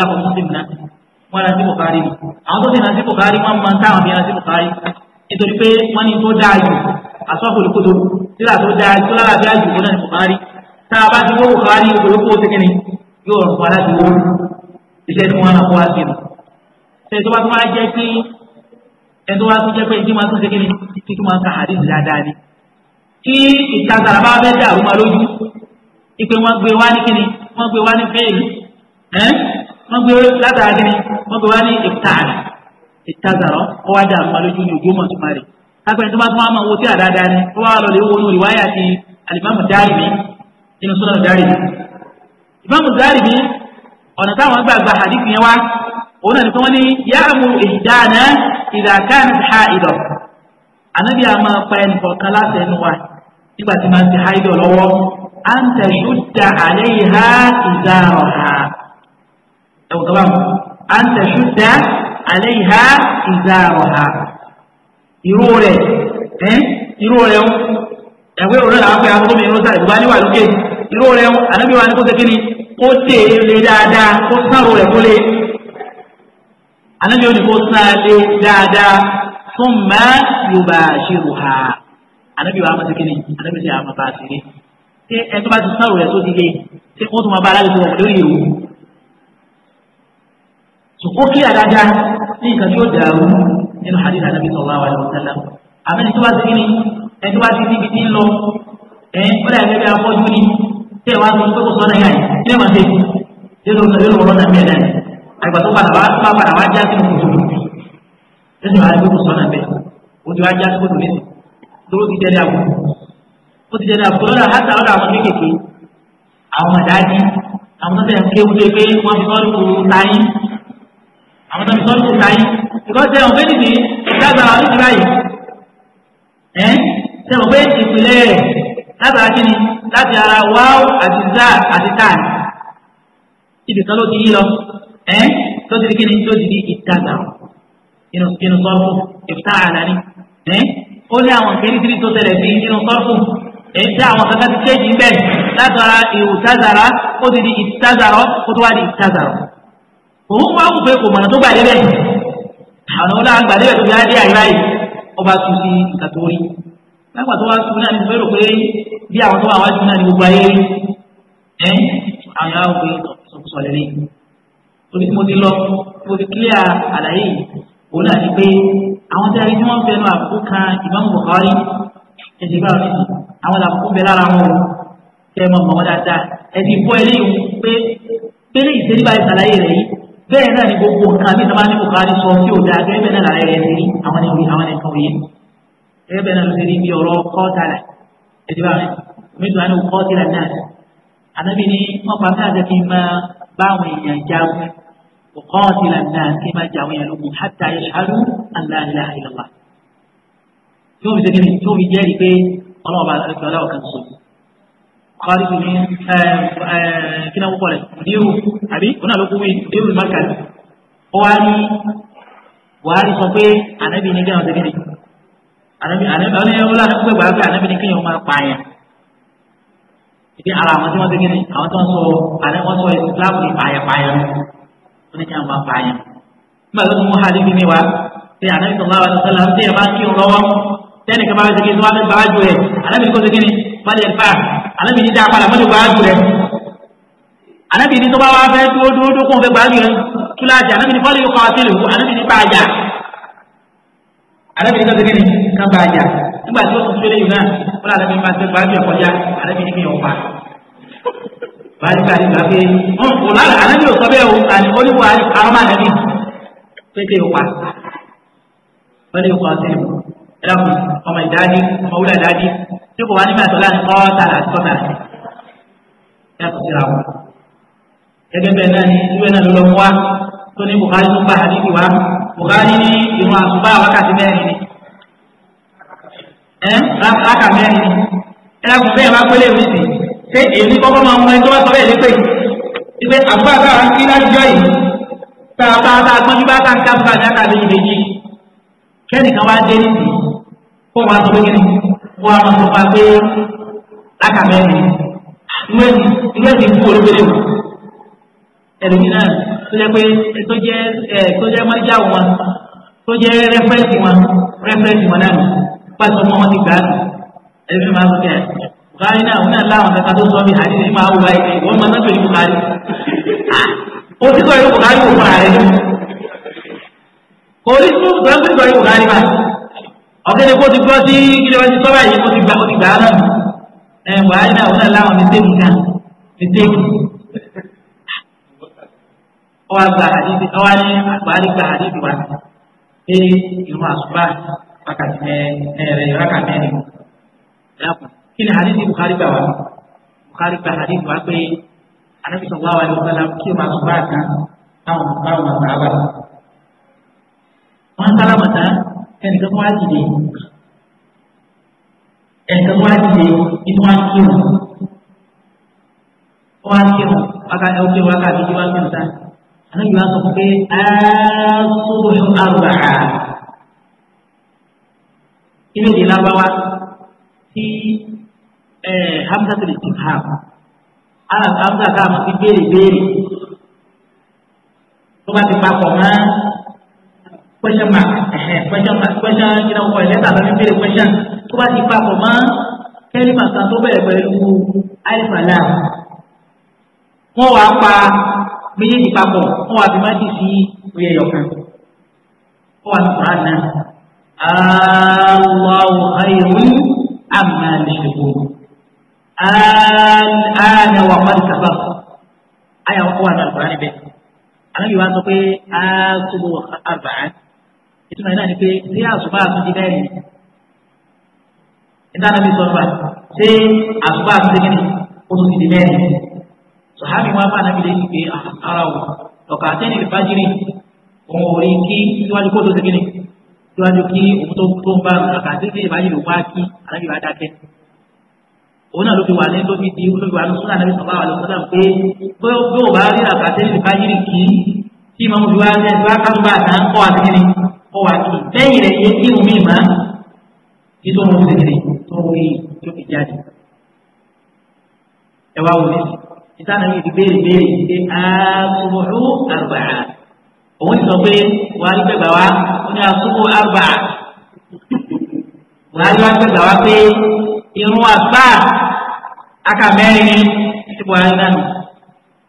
dáko nítorí pé wọ́n ní tó dáa jù àsọ́fòlù kótó sílá tó dáa tó lára bí àjù kó náà ní Bukhari tá a bá ti wọ́n Bukhari olóko tẹ́kẹ́ni yóò rọ̀ wá láti wọ́n iṣẹ́ tí wọ́n á kó wá sí i. ṣé tó bá tó wá jẹ́ pé ẹni tó wá tó jẹ́ pé ìdí máa tó tẹ́kẹ́ni kí kí máa ka hadith dáadáa ni. kí ìtazàrà bá fẹ́ dàrú máa lójú ipe wọ́n gbé wá ní kíni wọ́n gbé wá ní fẹ́ẹ̀lì wọ́n gbé látara kíni wọ́n gbé wá ní ìtààlà ìtazàrọ̀ ó wá dà àmà lójú ní ogún mọ̀túmá rẹ̀ kápẹ́ni tó bá tún wá máa wo tí àdáadáa ni ó wá lọ lè wo ní ìwáyà ti alimami Darimi nínú Sunan Darimi ìmáàmù Darimi ọ̀nà táwọn gbàgbà hadith yẹn wá òun náà nìkan wọ́n ní ya'muru ihdana idha kanat ha'idah ànábì àmà pa ẹnìkan kan láti wa nígbà tí máa ń ti haidọ̀ lọ́wọ́ à ń tẹ̀sù da alayha izaraha ẹ̀wọ̀n tó mu à ń tẹ̀sù da àléhà ìzàrọ̀hà ìró rẹ̀ ẹ́ ìró rẹ̀ ń ẹ̀wé òun làwọn pé àwọn obìnrin sáré ìbá níwà lókè ìró rẹ̀ ń ànábì wa ní kó ṣe kí ni kó tè é lé dáadáa kó sáró rẹ̀ kó lé ànábì òní kó sáré lé dáadáa fún má yorùbá ṣírò ha ànábì wa máa ṣe kí ni ànábì ṣe àwọn bá a ṣé ẹ tó bá ti sáró rẹ̀ tó ti lé ṣé kó tó máa bá aláàlú tó wọ̀ sòkókè àdáda ní nǹkan tí ó dàrú nínú hadith anabi sallallahu alaihi wasallam àmẹ́ni tó bá ti ní ẹni tó bá ti níbi tí ń lọ ẹ ó dà gẹ́gẹ́ afọ́jú ni tí ẹ wá sọ pé kò sọ́nà yá yìí kí lè máa ṣe nínú nínú ọ̀rọ̀ náà bẹ́ẹ̀ náà àgbà tó padà wá tó padà wá já sínú kòtò lóbi nínú àgbà tó kò sọ́nà bẹ́ẹ̀ ó ti wá já sí kòtò lẹ́sìn tó ti jẹ́ dàbò ó ti jẹ́ dàbò lọ́dà hàtà lọ́dà àwọn kékèké àwọn àdájí àwọn tó tẹ̀ ń ké wúlé pé wọ́n fi àwọn tọ́bi sọ́ọ́lù kúta yìí because ẹ̀ ọ̀gbẹ́ni ti dábàá ìtura yìí ẹ̀ ṣe mọ̀ pé ìpìlẹ̀ rẹ̀ látara kí ni láti ara wáwù àti zá àti táàlì ibi kan ló ti yí lọ ẹ̀ tó ti di kí ni tó ti di ìtajà inú inú sọ́ọ̀fù ìfúta àlàní ẹ̀ ó ní àwọn kérékéré tó tẹ̀lé sí inú sọ́ọ̀fù èyí àwọn kankan ti kéjì bẹ́ẹ̀ látara ìwù ó ti di ìtazarọ ó tó wá di ìtazarọ òun máa wù pé kò mọ̀nà tó gbà débẹ̀ àwọn ọ̀nà àgbà débẹ̀ tó yá dé àyíká yìí ọba tu sí ìkà tó rí lágbà tó wá tu náà ni mo fẹ́ rò pé bí àwọn tó wà wájú náà ni gbogbo ayé rí ẹ́ àwọn yàrá òwe sọ̀kùsọ̀ lè rí torí mo ti lọ mo ti kílíà àlàyé òun náà ni pé àwọn tí a rí tí wọ́n fẹnu àkókò kan ìmáàmù Bukhari ẹ̀sìn bá wọn àwọn làkókò bẹ lára wọn kẹ́ ẹ mọ̀ mọ́ dáadáa ẹ̀sìn bọ́ eléyìí pé pé ní ìṣèlú bá ìṣàlàyé rẹ̀ yìí bẹ́ẹ̀ náà ni gbogbo nǹkan bí sábà ní bukari sọ tí ò dáa gẹ́gẹ́ bẹ́ẹ̀ náà lára ẹ̀ rí àwọn ẹ̀rí àwọn ẹ̀kan òye gẹ́gẹ́ bẹ́ẹ̀ náà ló ṣe rí bí ọ̀rọ̀ kọ́tàlà ẹ̀dínwá rẹ̀ mẹ́tọ́ àni kọ́tìlà náà ànábì ni wọ́n pa mẹ́ta kí n máa bá àwọn èèyàn jagun kọ́tìlà náà kí n máa jà àwọn lógun hàtà ìṣàlù aláìlá ìlọ́wà tí ó fi kọ́rí ní kíná kúkọ rẹ̀ díru àbí òun náà ló kú wí díru markaz ó wá ní buhari sọ pé ànábì ní kíyàn ṣẹ́gi ni ànábì ànábì ọ̀nà ẹ̀rọ láti pẹ́ gbàgbé ànábì ní kíyàn máa pààyàn ìdí ara àwọn tí wọ́n ṣẹ́gi ni àwọn tí wọ́n sọ àná wọ́n sọ islam ní pààyàpààyàn wọ́n ní kíyàn máa pààyàn nígbà tó mú hàdí bí mi wá ṣe ànábì sọ̀rọ̀ àwọn ọ̀sán tẹ́nì kan máa ń segin sọ́wọ́n bá ju rẹ̀ alábìrin kò segin ni fàlẹ̀ fà alábìrin dá apá làmọ́lẹ̀ bá ju rẹ̀ alábìrin tó bá wá fẹ́ dúró dúró dúró kóun fẹ́ gbà ju rẹ̀ kíláàjà alábìrin fàlẹ̀ yóò kọ́ àtìlẹ̀ wò alábìrin bá àjà alábìrin kò segin ni ká bá àjà nígbà tí ó tún fẹ́lẹ̀ yìí náà wọ́n alábìrin máa ṣe gbà ju ẹ̀kọ́já alábìrin mi ò pa báyìí káàdì gbà pé ọ̀la alábìrin ò sọ bẹ́ẹ̀ o àti oníwà arọ́mà nàbì pé o ẹlẹ́kùn ọmọ ìdájí ọmọ wúlò ìdájí tí kò wá nígbà tó láti kọ́ tààrà àti kọ́tà yàtọ̀ síra wọn. gẹ́gẹ́ bẹ́ẹ̀ náà ni ìwé náà ló lọ wá tó ní Bukhari tó gbà àdìgì wá Bukhari ní ìrun àsùbá wákàtí mẹ́rin ni ẹ rákà mẹ́rin ni ẹlẹ́kùn bẹ́ẹ̀ bá gbélé mi sí ṣé èmi kọ́kọ́ máa mú ẹjọ́ sọ bẹ́ẹ̀ lépè ìgbé àgbà àgbà kí lájọ́ tá a ń ká bùkà ní àtàlẹ́ kẹ́nìkan wá dé níbi kó wàá sọ pé kí ni wọ́n á máa sọ fún wa pé lákàbẹ́ mi inú ẹ̀sìn inú ẹ̀sìn fún olóbèrè wò ẹlòmíì náà tó jẹ́ pé tó jẹ́ tó jẹ́ mọ́jà wọn tó jẹ́ rẹ́fẹ́rẹ́sì wọn rẹ́fẹ́rẹ́sì wọn náà pàṣẹ ọmọ wọn ti gbà á ẹlòmíì máa sọ kẹ́ bukari náà wọn náà láwọn kankan tó sọ mi àti ní máa wù báyìí wọn máa náà tó ní bukari ó ti sọ yìí bukari wò fún ààrẹ ni kò ní sọ bukari wò fún ààrẹ ni ọ̀sẹ̀ kó ti gbọ́ sí ilé wọn ti sọ́ra yìí kó ti gbà kó ti gbà á náà ẹ wàá ní àwọn náà láwọn mistake náà mistake ọwọ́ àgbà àdìsí ọwọ́ ní àgbà àdìgbà àdìsí wa pé ìrún àṣùbà wákàtí mẹ́rẹ̀ rákà mẹ́rin kí ni àdìsí Bukhari gbà wá Bukhari gbà àdìsí wa pé Ànábì sallallahu alaihi wasallam kí ìrún àṣùbà kan táwọn ẹnìkan tó wá dìde ẹnìkan tó wá dìde inú wá kírun ó wá kírun wákà ẹ ó kírun wákà méjì wá kírun tá àná wá sọ pé aásùwòrán àrùbàrà inú ìdè lábáwá tí hamza tó lè ti kà á hamza káà mo ti béèrè béèrè tó bá ti papọ̀ mọ́ question mark question mark question kí náà kọ lẹ́tà bá mi béèrè question tó bá ti papọ̀ mọ́ kẹ́límà kan tó bẹ̀rẹ̀ pẹ̀lú alifala wọ́n wàá pa méjèèjì papọ̀ wọ́n wàá fi má ti sí oyè yọ̀kan wọ́n wàá kúrò àná Allahu khayrun amma yushrikun ana wa qad kafar aya wọ́n wà ní alukura níbẹ̀ wa sọ pé a tó bọ̀ àbá ìtumọ̀ náà ni pé ṣé àsùbá àtúndì bẹ́ẹ̀rẹ̀ ni ìdáná mi sọ fà ṣé àsùbá àtúndì kìíní ó tún ti di bẹ́ẹ̀rẹ̀ sọ̀hábì wọn bá nàbí lẹ́yìn pé ah, ara wò ọ̀kà àtẹ́ni lè fájírì òun ò rí kí síwájú kó tó ti kìíní síwájú kí òun tó tó ń bá ọ̀kà àtẹ́ni lè fájírì òun wá kí alábì bá dákẹ́ òun náà ló fi wà ní ló fi di ló fi wà ní súnà nàbí sọ̀bá wà lọ́sọ̀ náà pé bí ó bá rí àkàtẹ́ni ó wà kí lẹ́yìn rẹ̀ yẹ kí omi ìmá kí tó mú sèkèrè tó rí tó fi jáde. ẹ wá wọlé sí ìtànà yìí ti béèrè béèrè pé àtúbọ̀rú àgbà òun sọ pé wàá rí pẹ̀gbà wá ó ní àtúbọ̀ àgbà wàá rí wá pẹ̀gbà wá pé irun àgbà akamẹ́rin ti wà nínú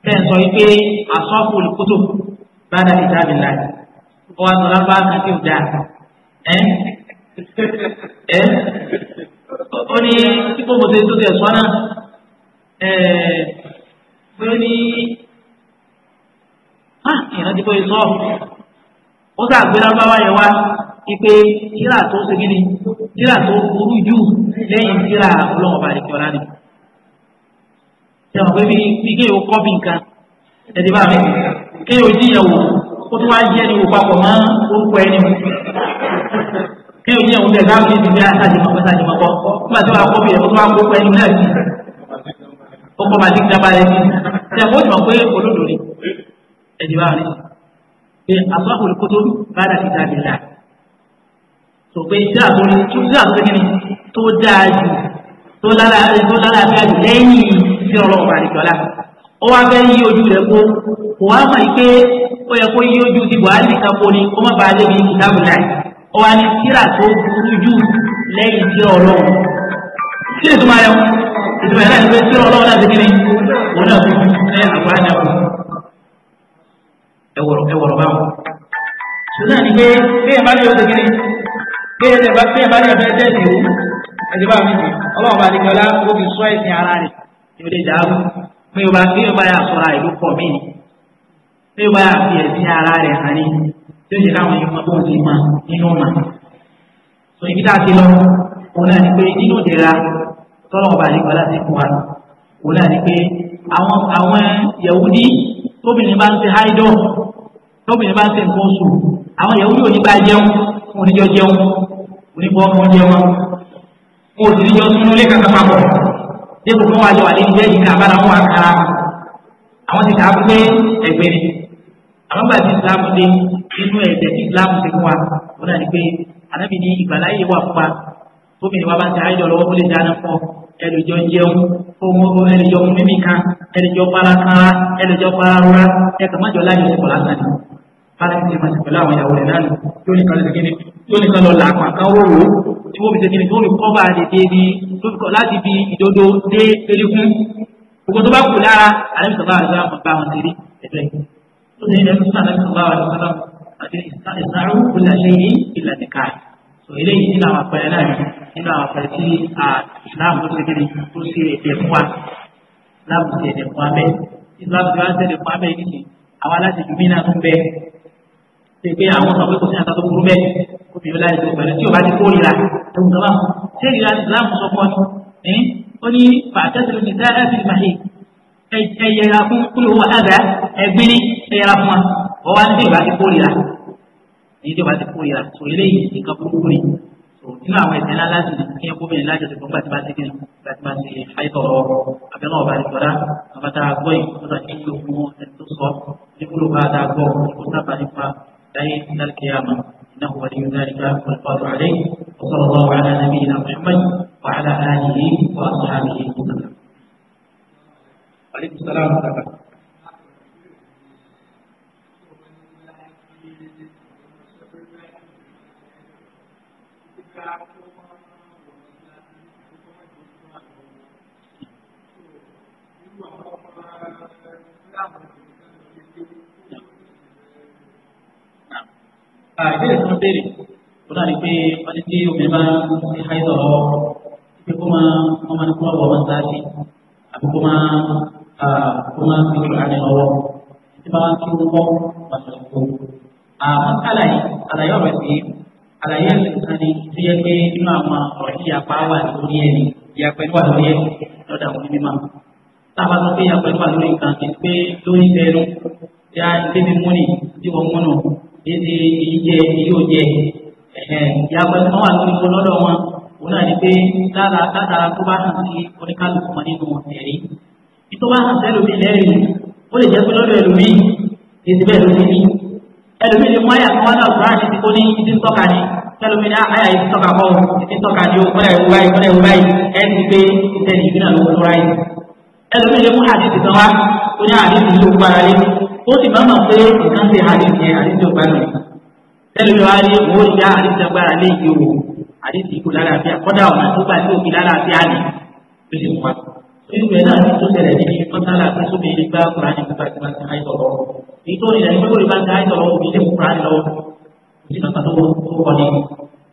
bẹ́ẹ̀ sọ wípé asọ́kùn kótó bá dá ìjáde láti kó wa nọ̀rọ̀ bá kan tí o da ẹ́ ẹ́ ó ní tí kò mọ̀tò tó tẹ̀ sọ́nà ẹ̀ pé ó ní á ìrántí pé sọ́ ó sà gbé lọ́gbàwá yẹn wá ipe tíra tó ṣe kíni tíra tó burú jù lẹ́yìn tíra ọlọ́mọba àdìkọ́lá ni ṣe wọn pé bí kéèyàn kọ́ bí nǹkan ẹ̀dí bá mi kéèyàn jíyàn wò ó tún wá yẹ ẹni wò papọ̀ mọ́ orúkọ ẹni wò kí ló ní ẹ̀hún tẹ̀ láàbù ní ìdílé àtàjìmọ̀ pẹ́ àtàjìmọ̀ kọ́ nígbà tí wọ́n á kọ́ bí ẹ̀ ó tún wá kó pẹ́ ẹni náà sí ó kọ́ bá dígbà bá ẹni tí ẹ̀kọ́ ti pé olódò ni ẹ̀dì bá rẹ̀ pé àtúwàkùn kótó bá dà sí dábì dá tó pé ìdí àtúrí tó ìdí àtúrí tó dáa jù tó lára tó lára bí a ó wá fẹ́ yí ojú rẹ̀ kó kò wá mọ̀ pé ó yẹ kó yí ojú ti buhari nìkan kó ni kó má bàa lè bí kìtàbù láì ó wá ní tó burú jù lẹ́yìn tíra ọlọ́run kí ni tó máa ìtumọ̀ yẹn láti pé náà ti kiri náà kú náà kú bá bá bá pé o bá gbé o bá yà sọ́ra ìlú pọ̀ mí pé o bá yà fi ẹ̀sìn ara rẹ̀ hàn ní tí ó yẹ káwọn yìí mọ bóun ti mọ nínú mà. sọ ibi tá a ti lọ òun náà ni pé nínú ìdẹ̀ra tọ́lọ̀ ọba àlejò aláṣẹ fún wa òun náà ni pé àwọn àwọn Yahudi tóbìnrin bá ń ṣe háídọ̀ tóbìnrin bá ń ṣe nǹkan oṣù àwọn Yahudi ò ní bá jẹun oníjọ jẹun oníbọ̀ ọmọ jẹun wọn ò sì níjọ súnú lé kankan papọ̀ dípò fún wa jọ wà nínú bẹ́ẹ̀ nìkan abára fún wa kára àwọn ti kàá pé ẹgbẹ́ ni àwọn bá ti islam dé nínú ẹ̀jẹ̀ tí islam ti fún wa wọn náà ni pé anábì ní ìgbàláyè wà fún wa tóbi ni wa bá ń ta ayé lọ́wọ́ ó lè dáná fún ọ ẹlòjọ jẹun fọmọ ẹlòjọ mímí ẹlòjọ para kan ẹlòjọ para rora ẹkọ mọjọ láyé ìṣẹ̀kọ̀ lásán ni bára ti máa ṣe pẹ̀lú àwọn ìyàwó rẹ̀ náà yóò ní kan lọ kíni yóò ní kan lọ làákùn àkànwó wò tí wọ́n fi ṣe kíni tó lè kọ́ bá a lè dé ní láti fi ìdodo dé erékún gbogbo tó bá kù lára àlẹ́ ìsọ̀bá àdúrà mọ̀ bá wọn ṣeré ẹ̀fẹ́ tó ṣe ilẹ̀ fún àlẹ́ ìsọ̀bá àdúrà àti ìsàrò kúlẹ̀ ṣe ní ìlànìkà tó eléyìí nínú àwọn àpẹẹrẹ náà nínú àwọn àpẹẹrẹ tí Islam tó ṣe kéde tó ṣe ẹ̀jẹ̀ ṣe pé àwọn sọ pé kò sí àtà tó burú bẹ́ẹ̀ kó fi láyé tó pẹ̀lú tí o bá ti kórìíra ẹ̀wù kan báwọn ṣé ìlà ìsìláàmù sọ fún ọ ni ó ní fàtẹ́sìlú ní sáà ẹ̀fì màhì ẹ yẹra fún kúlò wọ àdá ẹgbẹ́ ní ẹ yẹra fún wa ọ wá ní tí o bá ti kórìíra ní tí o bá ti kórìíra sọ eléyìí nǹkan burúkú ni nínú àwọn ẹ̀sẹ̀ ńlá láti kí ẹ kó bẹ̀rẹ̀ láti ṣe fún gbàtìmá sí kìnnì gbàtìmá sí àìsàn ọ̀rọ̀ abẹ́rẹ́ ọ̀bá ìjọba àbátá gbọ́ ìkúta ní gbogbo ẹni tó sọ nígbòlò bá dáa gbọ́ ìkúta bá nípa أي من القيامة إنه ولي ذلك والقادر عليه وصلى الله على نبينا محمد وعلى آله وأصحابه وسلم عليكم السلام ورحمة الله àìbéèrè tí wọ́n béèrè ó dàbí pé wọ́n ti tí obìnrin bá ń fi háìsọ̀ lọ́wọ́ pé kó máa wọ́n máa ní kó wọ́n máa sáàsì àbí kó máa kó máa fi kúrò àní lọ́wọ́ tí bá kí wọ́n kọ́ pàtàkì kó. àwọn àlàyé àlàyé ọ̀rọ̀ sí àlàyé ẹ̀sìn kan ni tó yẹ pé nínú àwọn ọ̀rọ̀ tí ìyapa wà lórí ẹni ìyapa ẹni wà lórí ẹni lọ́dà wọn mímọ́ tába tó pé ìyapa ẹni wà lórí nǹkan kì í pé lórí ẹnu yá èsì ìjẹ yóò jẹ ìyàgbẹ́ kan wà lórí wọn lọ́dọ̀ wọn òun náà ni pé lára látara tó bá hàn sí oníkálukú wọn nínú ẹ̀rí tó bá hàn sẹ́lómi lẹ́rìí ó lè jẹ́ pé lọ́dọ̀ ẹlòmíì èsì bẹ́ẹ̀ ló ti ní ẹlòmíì ni wọ́n yà kí wọ́n náà kúrò àti ti kó ní ìdí sọ́ka ni sẹ́lómi ah, náà àyà ìdí sọ́ka bọ́ ìdí sọ́ka ni ó kúrò ẹ̀wù báyìí kúrò ẹ̀wù báyìí ẹ̀ ti pé ìtẹ̀lẹ̀ ìgbìnà ẹlòmíì lè mú àdìsí kan wá ó ní àdìsí tó gbára lé ó sì máa mọ̀ pé nǹkan ṣe àdìsí yẹn àdìsí tó gbára lé ẹlòmíì wá ní òun ó já àdìsí tó gbára lé ìdí òwò àdìsí kò lálàáfíà kọ́dà ọ̀nà tó gbà tí òbí lálàáfíà nì ó sì wá. nínú ẹ̀ náà ní tó ṣẹlẹ̀ ní mọ́tàlá pé sómi ilé gbá kùránì nípa tí wọ́n ti máa ń sọ̀rọ̀ èyí tó rìn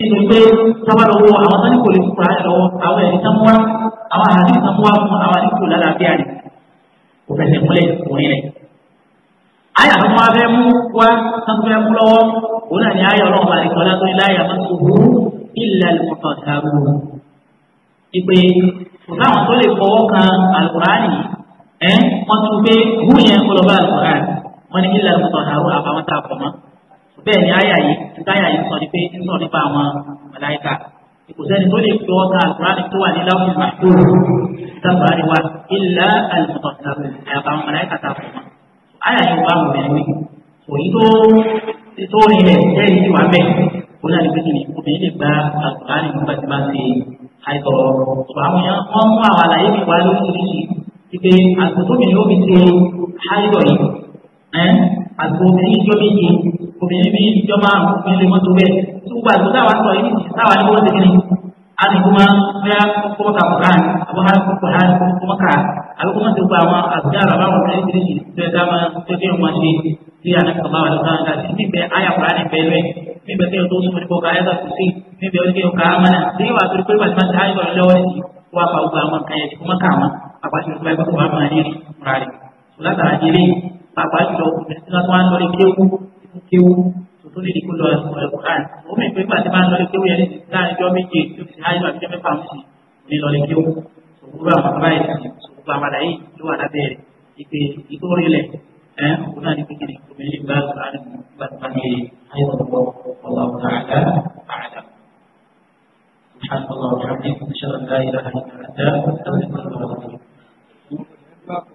nítorí pé sábà lọ́wọ́ àwọn tó ní kò lè fi kura lọ́wọ́ àwọn ẹ̀rí tán wá àwọn àhàdì tán wá fún àwọn àdìsí lálàáfíà rẹ̀ kò fẹsẹ̀ múlẹ̀ òní rẹ̀. àyà tó máa fẹ́ mú wá tán tó fẹ́ mú lọ́wọ́ òun náà ní àyà ọlọ́run bá nìkan látọ́ ilé àyà máa tó burú ilẹ̀ àlùkọ́tọ̀ dàrú. ìpè òtáwọn tó lè fọwọ́ kan àlùkùránì ẹ̀ wọ́n tún gbé hú yẹn kó lọ bá àlùkùránì wọ́n ní ilẹ̀ àlùkọ́tọ̀ dàrú bẹ́ẹ̀ ni àyà yìí táyà yìí sọ ni pé ń sọ nípa àwọn màláíkà ìkùsẹ́ni tó lè gbọ́ ká alukurani tó wà ní láwùjọ màdúró sábà ni wa ilà alùpùpù àyàfà àwọn màláíkà tá a fò wọn. àyà yìí wà wọ̀ bẹ́ẹ̀ ni òyìn tó tó rí rẹ̀ jẹ́ ìdí wà bẹ́ẹ̀ kó náà ní pé kìnnì obìnrin lè gba alukurani nígbà tí bá ń ṣe àìsọ̀ àwọn yẹn wọ́n mú obìnrin bíi ìjọ márùn ún ilé mọ́tò bẹ́ẹ̀ tó gba ìgbà táwa sọ yìí táwa ni wọ́n ti kiri àtìkúmá bẹ́ẹ̀ kọ́mọ́ka kùrán àbúhá kùrán kọ́mọ́ka àbíkúmọ́ ti gba àwọn àbújá àbá wọn ní ìdílé yìí bẹ́ẹ̀ dáma tó kí wọn ṣe bí anakọ̀bá wà lọ́sàn án láti níbẹ̀ ayà kùrán bẹ́ẹ̀ lọ́ẹ̀ níbẹ̀ kí wọn tó súnmọ́ nípa ọkọ̀ ayáta kù sí níbẹ̀ ó ní kí wọn kà á mọ́nà bí wàá torí pé bàtí máa ń ta ayé wọn lọ́wọ́ ní wàá fa gbogbo àwọn kan yẹn tí kọ́mọ́ka kéwú tuntun ní ìdíkó lọ ẹ̀sùn ẹ̀kọ́ àn òun mi pé nígbà tí máa ń lọlé kéwú yẹn ní láàrin ọjọ́ méje tó ti háyé lọ àbíjọ́ mẹ́fà ń sì ní lọlé kéwú òwúrọ̀ àwọn bàbá yìí òwúrọ̀ àwọn àlàyé ló wà lábẹ́ rẹ̀ ìpè ìtòrí lẹ̀ ẹ̀ òun náà ní kékeré obìnrin gbà láàrin nígbà tí máa